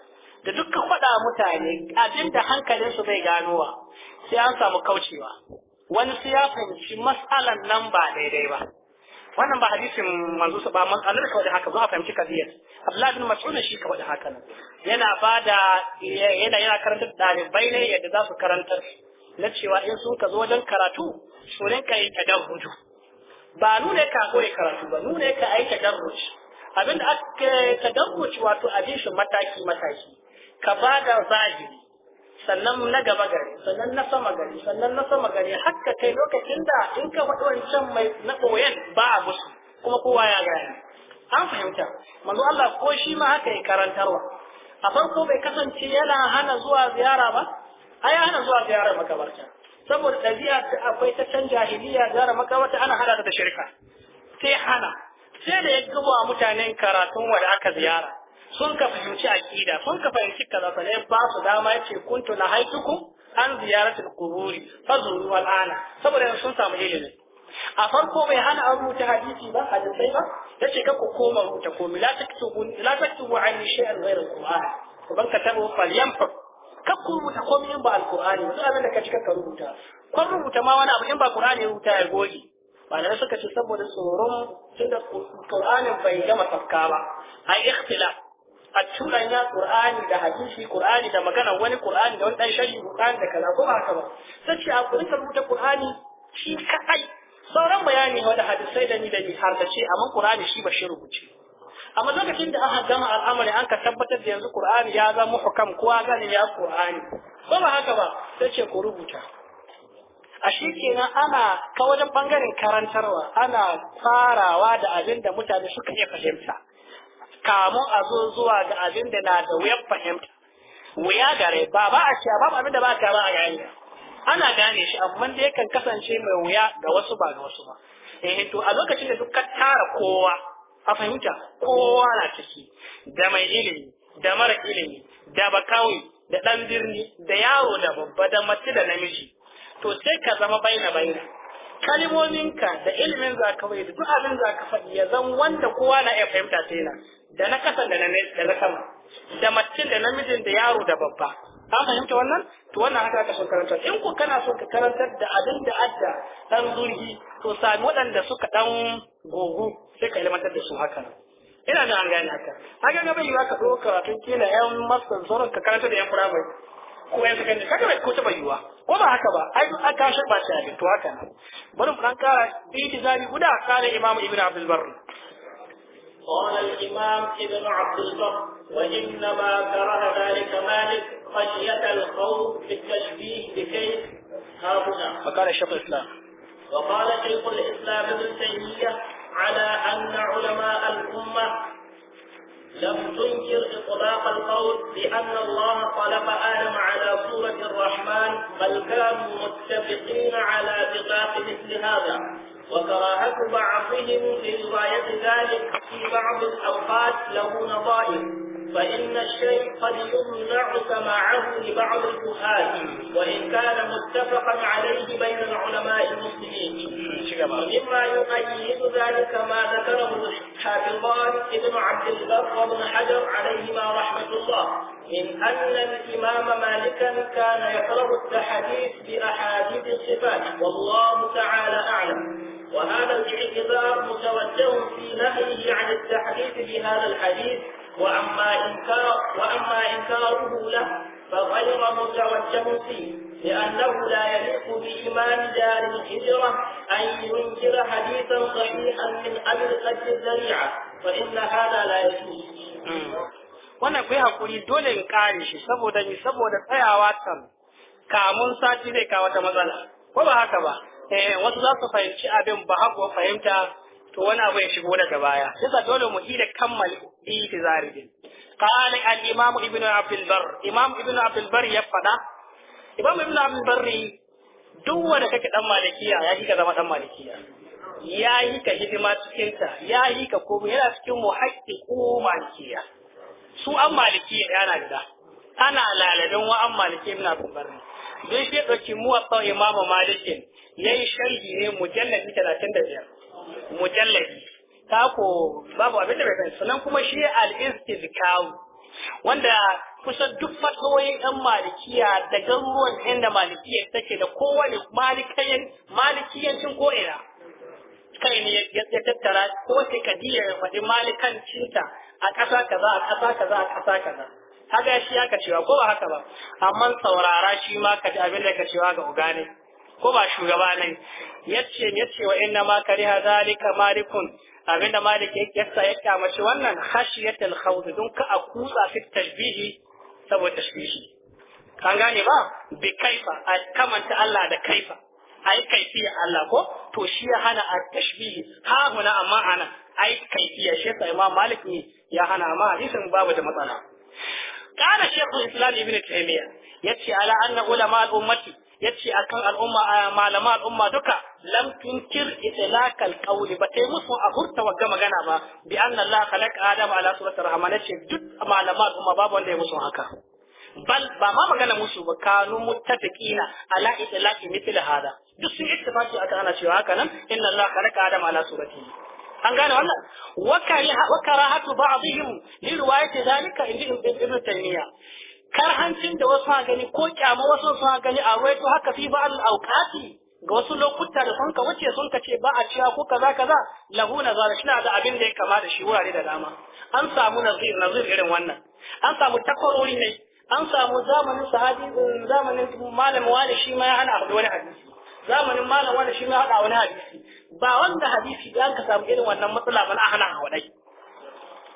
da dukkan faɗa mutane abinda hankalin su bai ganowa sai an samu kaucewa wani su ya fahimci matsalan nan ba daidai ba wannan ba hadisin manzo ba man annar ka da haka zo a fahimci kadiyar Abdullah bin Mas'ud shi ka da haka nan yana bada yana yana karanta dalibai ne yadda za su karanta na cewa in sun ka zo wajen karatu su rinka yi tadarruju ba nune ka koyi karatu ba nune ka ai tadarruj abinda aka tadarruj wato abin shi mataki mataki ka bada zahiri sannan na gaba gari sannan na sama gari sannan na sama gari haka kai lokacin da in ka faɗi wancan mai na koyan ba a musu kuma kowa ya gaya. an fahimta manzo Allah ko shi ma haka ya karantarwa a farko bai kasance yana hana zuwa ziyara ba ai hana zuwa ziyara makabarta saboda ɗabi'a ta akwai ta can jahiliya ziyara makabarta ana hada da shirka sai hana sai da ya gaba mutanen karatun wanda aka ziyara sun ka fahimci aqida sun ka fahimci kaza fa ne ba su dama yace kuntu nahaitukum an ziyaratul quburi fazuru al'ana saboda sun samu ilimi a farko bai hana an rubuta hadisi ba hadisai ba yace ka ku koma rubuta komai la taktubu la taktubu an shay'an ghayra al-qur'an ku banka tabo falyanfa ka ku rubuta komai in ba al-qur'ani duk abin da ka ci ka rubuta kun rubuta ma wani abu in ba qur'ani rubuta ya goge malamai suka ce saboda tsoron tunda qur'anin bai gama tafka ba ai ikhtilaf a ya ƙur'ani da hadisi ƙur'ani da magana wani ƙur'ani da wani dan sharhi ƙur'ani da kaza ko haka ba sai ce a kurinka rubuta ƙur'ani shi kaɗai sauran bayani wani hadisai da ni da ni har da ce amma ƙur'ani shi ba shi rubuce amma lokacin da aka gama al'amari an ka tabbatar da yanzu ƙur'ani ya zama hukam kowa gani ya ƙur'ani ko ba haka ba sai ce ku rubuta a shi kenan ana ta wajen ɓangaren karantarwa ana farawa da abin da mutane suka iya fahimta kamun a zo zuwa ga abin da na da wuyan fahimta wuya gare ba ba a ciya babu abin da ba ka ba a gani ana gane shi amma da yakan kasance mai wuya ga wasu ba ga wasu ba eh to a lokacin da duk ka tara kowa a fahimta kowa na ciki da mai ilimi da mara ilimi da bakawi da dan birni da yaro da babba da mace da namiji to sai ka zama baina baina kalmominka da ilimin za ka bai duk abin za ka faɗi ya zan wanda kowa na iya fahimta ta yana da na kasa da na sama da macin da namijin da yaro da babba an fahimta wannan to wannan haka ka son karanta in ku kana son ka karantar da abin da adda dan zurgi to sami waɗanda suka dan gogu sai ka ilmantar da su haka ina da an gane haka haka ga bai yiwa ka ɗauka tun kila yan master zoron ka karanta da yan firamare ko yanzu gani kaga mai ko taba yiwa ko ba haka ba ai a ka shaba ta da to haka قال الإمام ابن عبد البر وإنما كره ذلك مالك خشية الخوف في التشبيه بكيف هابنا فقال شيخ الإسلام وقال شيخ الإسلام ابن تيمية على أن علماء الأمة لم تنكر إطلاق القول بأن الله خلق آدم على صورة الرحمن بل كانوا متفقين على إطلاق مثل هذا وكراهة بعضهم لرواية ذلك في بعض الأوقات له نظائر فإن الشيء قد يمنع سماعه لبعض الفقهاء وإن كان متفقا عليه بين العلماء المسلمين ومما يؤيد ذلك ما ذكره الحافظان ابن عبد البر وابن حجر عليهما رحمة الله من أن الإمام مالكا كان يكره التحديث بأحاديث الصفات والله تعالى أعلم وهذا الاعتذار متوجه في نهيه عن التحديث بهذا الحديث وأما إنكار إنكاره له فغير متوجه فيه لأنه لا يليق بإمام دار الهجرة أن ينكر حديثا صحيحا من أمر قتل الذريعة فإن هذا لا يجوز mm. wannan kai hakuri dole in kare shi saboda ni saboda tsayawa tam kamun sati zai kawo wata matsala ko ba haka ba eh wasu za su fahimci abin ba haka fahimta to wani abu ya shigo daga baya yasa dole mu ida kammal al imam ibnu abdul bar Imam ibnu abdul bar ya fada imam ibnu abdul bar duk wanda kake dan malikiya ya yi ka zama dan malikiya ya yi ka hidima cikin ta ya yi ka ko yana cikin ko malikiya su an malikiya yana da ana laladin wa an maliki ibnu Abdul bar dai shi dauki muwatta imam malikin yayi sharhi ne mujallad 35 ta ko babu abin da bai sani sannan kuma shi al-istizkaru wanda kusan duk fatawoyin yan malikiya da garuruwan inda malikiya take da kowane malikiyan malikiyancin ko'ina kai ne ya tattara ko sai kadiya ya faɗi malikancinta a ƙasa kaza a ƙasa kaza a ƙasa kaza kaga shi aka cewa ko ba haka ba amma saurara shi ma ka ji abin da ka cewa ga ugane ko ba shugaba ne yace yace wa inna ma kariha zalika malikun abinda malik ya sa ya kamace wannan khashiyatul khawd dun ka akusa fi tashbihi saboda tashbihi kan gane ba bi kaifa a kamanta Allah da kaifa ai kaifiya Allah ko to shi ya hana a tashbihi ha huna amma ana ai kaifiya shi sai imam malik ne ya hana amma hadisin babu da matsala kana shaykhul islam ibn taymiya yace ala anna ulama al ummati yace akan al'umma malama al'umma duka lam tunkir itlaqal qawli ba tai musu a hurta wagga magana ba bi anna Allah khalaqa Adam ala surati rahman yace duk malama al'umma babu wanda ya musu haka bal ba ma magana musu ba kanu muttafiqina ala itlaqi mithli hada duk sun ittifaqi aka ana cewa haka nan inna Allah khalaqa Adam ala surati an gane wannan wa karahatu ba'dihim li riwayati zalika inda ibn taymiya karhancin da wasu ha gani ko kyama wasu sun ha gani a ruwaito haka fi ba al-auqati ga wasu lokuta da sun ka wuce sun ka ce ba a ciya ko kaza kaza lahu nazar shi da abin da ya kama da shi wurare da dama an samu nazir nazir irin wannan an samu takwarori ne an samu zamanin sahabi zamanin malam wani shi ma ya hana a wani hadisi zamanin malam wani shi ma ya hada wani hadisi ba wanda hadisi da an ka samu irin wannan matsala ba na hana a wadai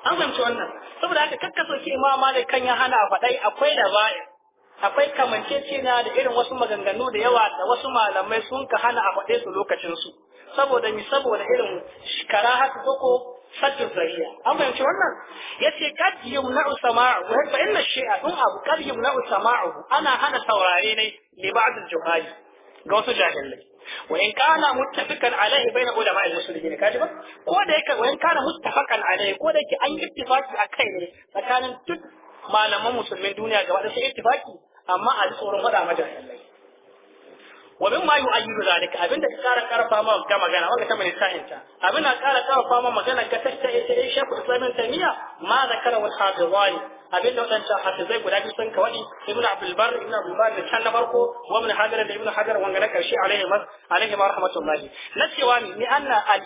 an fahimci wannan saboda haka kakka soke imam da kan ya hana faɗai akwai da baya akwai na da irin wasu maganganu da yawa da wasu malamai sun ka hana a faɗe su lokacin su saboda mi saboda irin haka koko sattu zariya an fahimci wannan yace kad yumna'u sama'u fa inna shay'a dun abu kad yumna'u sama'u ana hana saurare ne li ba'd al-juhali ga wasu jahilai wa in kana muttafiqan alaihi bayna ulama al-muslimin kaji ba ko da yake wa in kana muttafaqan alaihi ko da yake an a kai ne tsakanin duk malaman musulmin duniya gaba da sai ittifaqi amma a tsoron faɗa majahilai wa min ma yu'ayyidu zalika abinda ka kara karfa ma ga magana wanda ta mai sahinta abinda kara karfa ma magana ga tashta ita ai shafu islamin tamiya ma zakara wal hafizani abinda wadancan hafizai guda biyu sun kawai ibnu abdul bar ibnu abdul bar da can na farko wa min hajar da ibnu hajar wanga na karshe alaihi mas alaihi ma rahmatullahi na cewa ni anna al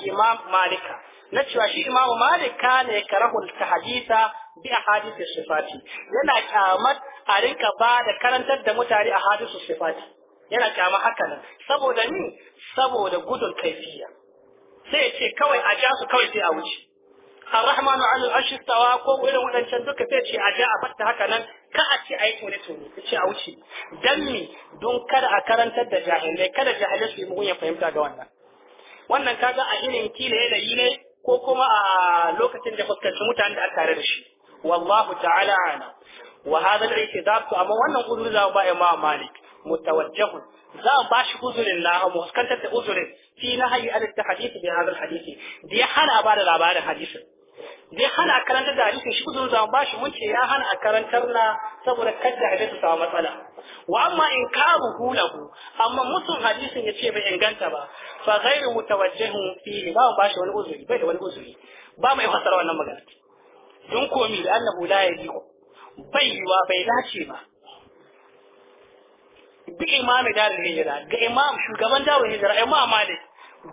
malika na cewa shi imamu malik kana karahul tahditha bi ahadith sifati yana kamar a rinka ba da karantar da mutane a hadisu sifati yana kyama haka nan saboda ni saboda gudun kaifiya sai ya ce kawai a ja su kawai sai a wuce arrahmanu alal arshi tawa ko irin wadancan duka sai ce a ja a fatta haka nan ka a ce ayi tone tone ce a wuce dan mi don kada a karantar da jahilai kada jahilai su yi mugun ya fahimta ga wannan wannan kaga a irin kila yanayi ne ko kuma a lokacin da fuskanci mutanen da aka tare da shi wallahu ta'ala ana wa hadha al amma wannan uzuri za ba imam malik متوجه za ba shi uzurin na muskantar da uzurin fi na hayi an ta hadisi bi hadal hadisi da ya hana ba da labarin hadisin da ya hana karantar da hadisin shi uzurin za ba shi mun ce ya hana a karantar na saboda kada hadisi samu matsala wa amma in karu hulahu amma musun hadisin ya ce bai inganta ba fa ghairu mutawajjihun fihi ba ba shi wani uzuri bai da wani uzuri ba mai fasara wannan magana dun komi da annabu la yadi bai wa bai dace ba bi imami darin hijira ga imam shugaban darin hijira imam malik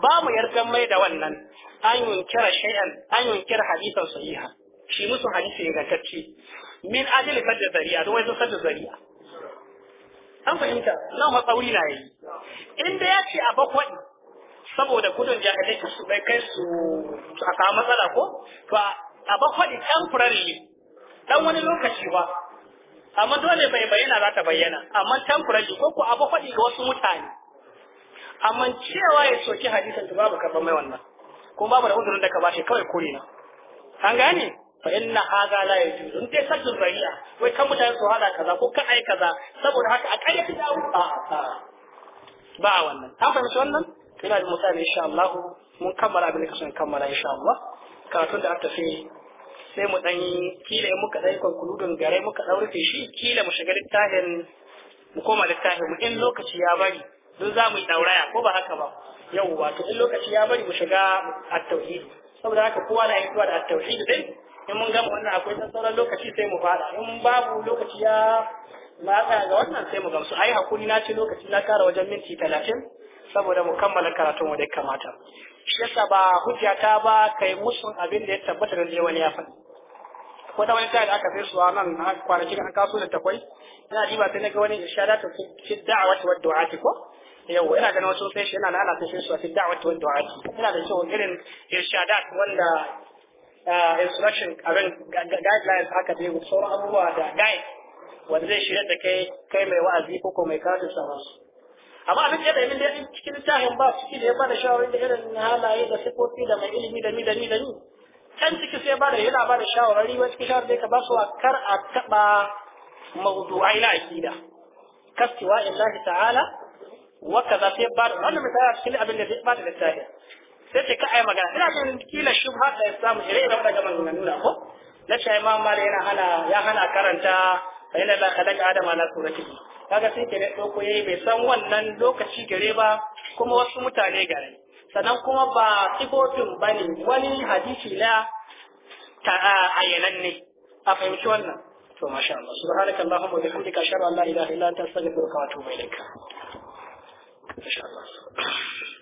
ba mu yardan mai da wannan an yunkira shay'an an yunkira hadisan sahiha shi musu hadisi ingantacce min ajli fadda zariya don wai sadda zariya an fahimta nan tsauri na yi in ya ce a bakwai saboda gudun jahilai su bai kai su a samu matsala ko to a bakwai temporary dan wani lokaci ba amma dole bai bayyana za ta bayyana amma temporary ko ko abu faɗi ga wasu mutane amma cewa ya soki hadisan ta babu karɓar mai wannan kuma babu da uzurin da ka bashi kawai kuri na an gane fa inna haza la yajuz in dai sabbin rayya wai kan mutane su hada kaza ko kan ai kaza saboda haka a kai ta dawo a ba wannan an fahimci wannan ina da mutane insha Allah mun kammala abin da kasan kammala insha Allah karatun da aka fi sai mu dan kila muka dai konkludin gare muka daure shi kila mu shiga littafin mu koma littafin mu in lokaci ya bari don za mu yi dauraya ko ba haka ba yau wato in lokaci ya bari mu shiga at-tauhid saboda haka kowa na yi zuwa da at-tauhid din in mun gama wannan akwai dan sauran lokaci sai mu fada in babu lokaci ya tsaya ga wannan sai mu gamsu ai hakuri na ce lokaci na kara wajen minti talatin saboda mu kammala karatun wanda ya kamata shi yasa ba hujja ta ba kai musun abin da ya tabbata da wani ya faɗi ko da wani tayar aka sai su a nan kwanaki an kaso da takwai ina diba sai na ga wani irshada ta fi da'awa ta wadda ko yau ina ganin wasu sai shi yana lalata sai su a fi da'awa ta wadda ina da kyau irin irshada wanda ah, instruction abin guidelines haka dai sauran abubuwa da guide wanda zai shirya da kai kai mai wa'azi ko mai kasu sauransu amma abin da ilimin dai cikin littafin ba ciki da ya bada shawarar da irin halaye da sifofi da mai ilimi da ni da ni da ni kan ciki sai ba da yana ba da shawarari wasu cikin shawarar ka ba su kar a taɓa mawdu'ai na aqida kastiwa illahi ta'ala wa kaza sai ba da wannan misali a cikin abin da zai ba da littafi sai ce ka ai magana ina ganin kila shubha da samu ire-iren ire daga nuna ko na ce imam malik yana hana ya hana karanta fa inna la khalaqa adama ala suratihi kaga sai ke ne doko yayi bai san wannan lokaci gare ba kuma wasu mutane gare sannan kuma ba sifofin ba ne wani hadisi na ayyanan ne a fahimci wannan to masha Allah subhanaka allahumma wa bihamdika ashhadu an la ilaha illa anta astaghfiruka wa atubu ilaik masha Allah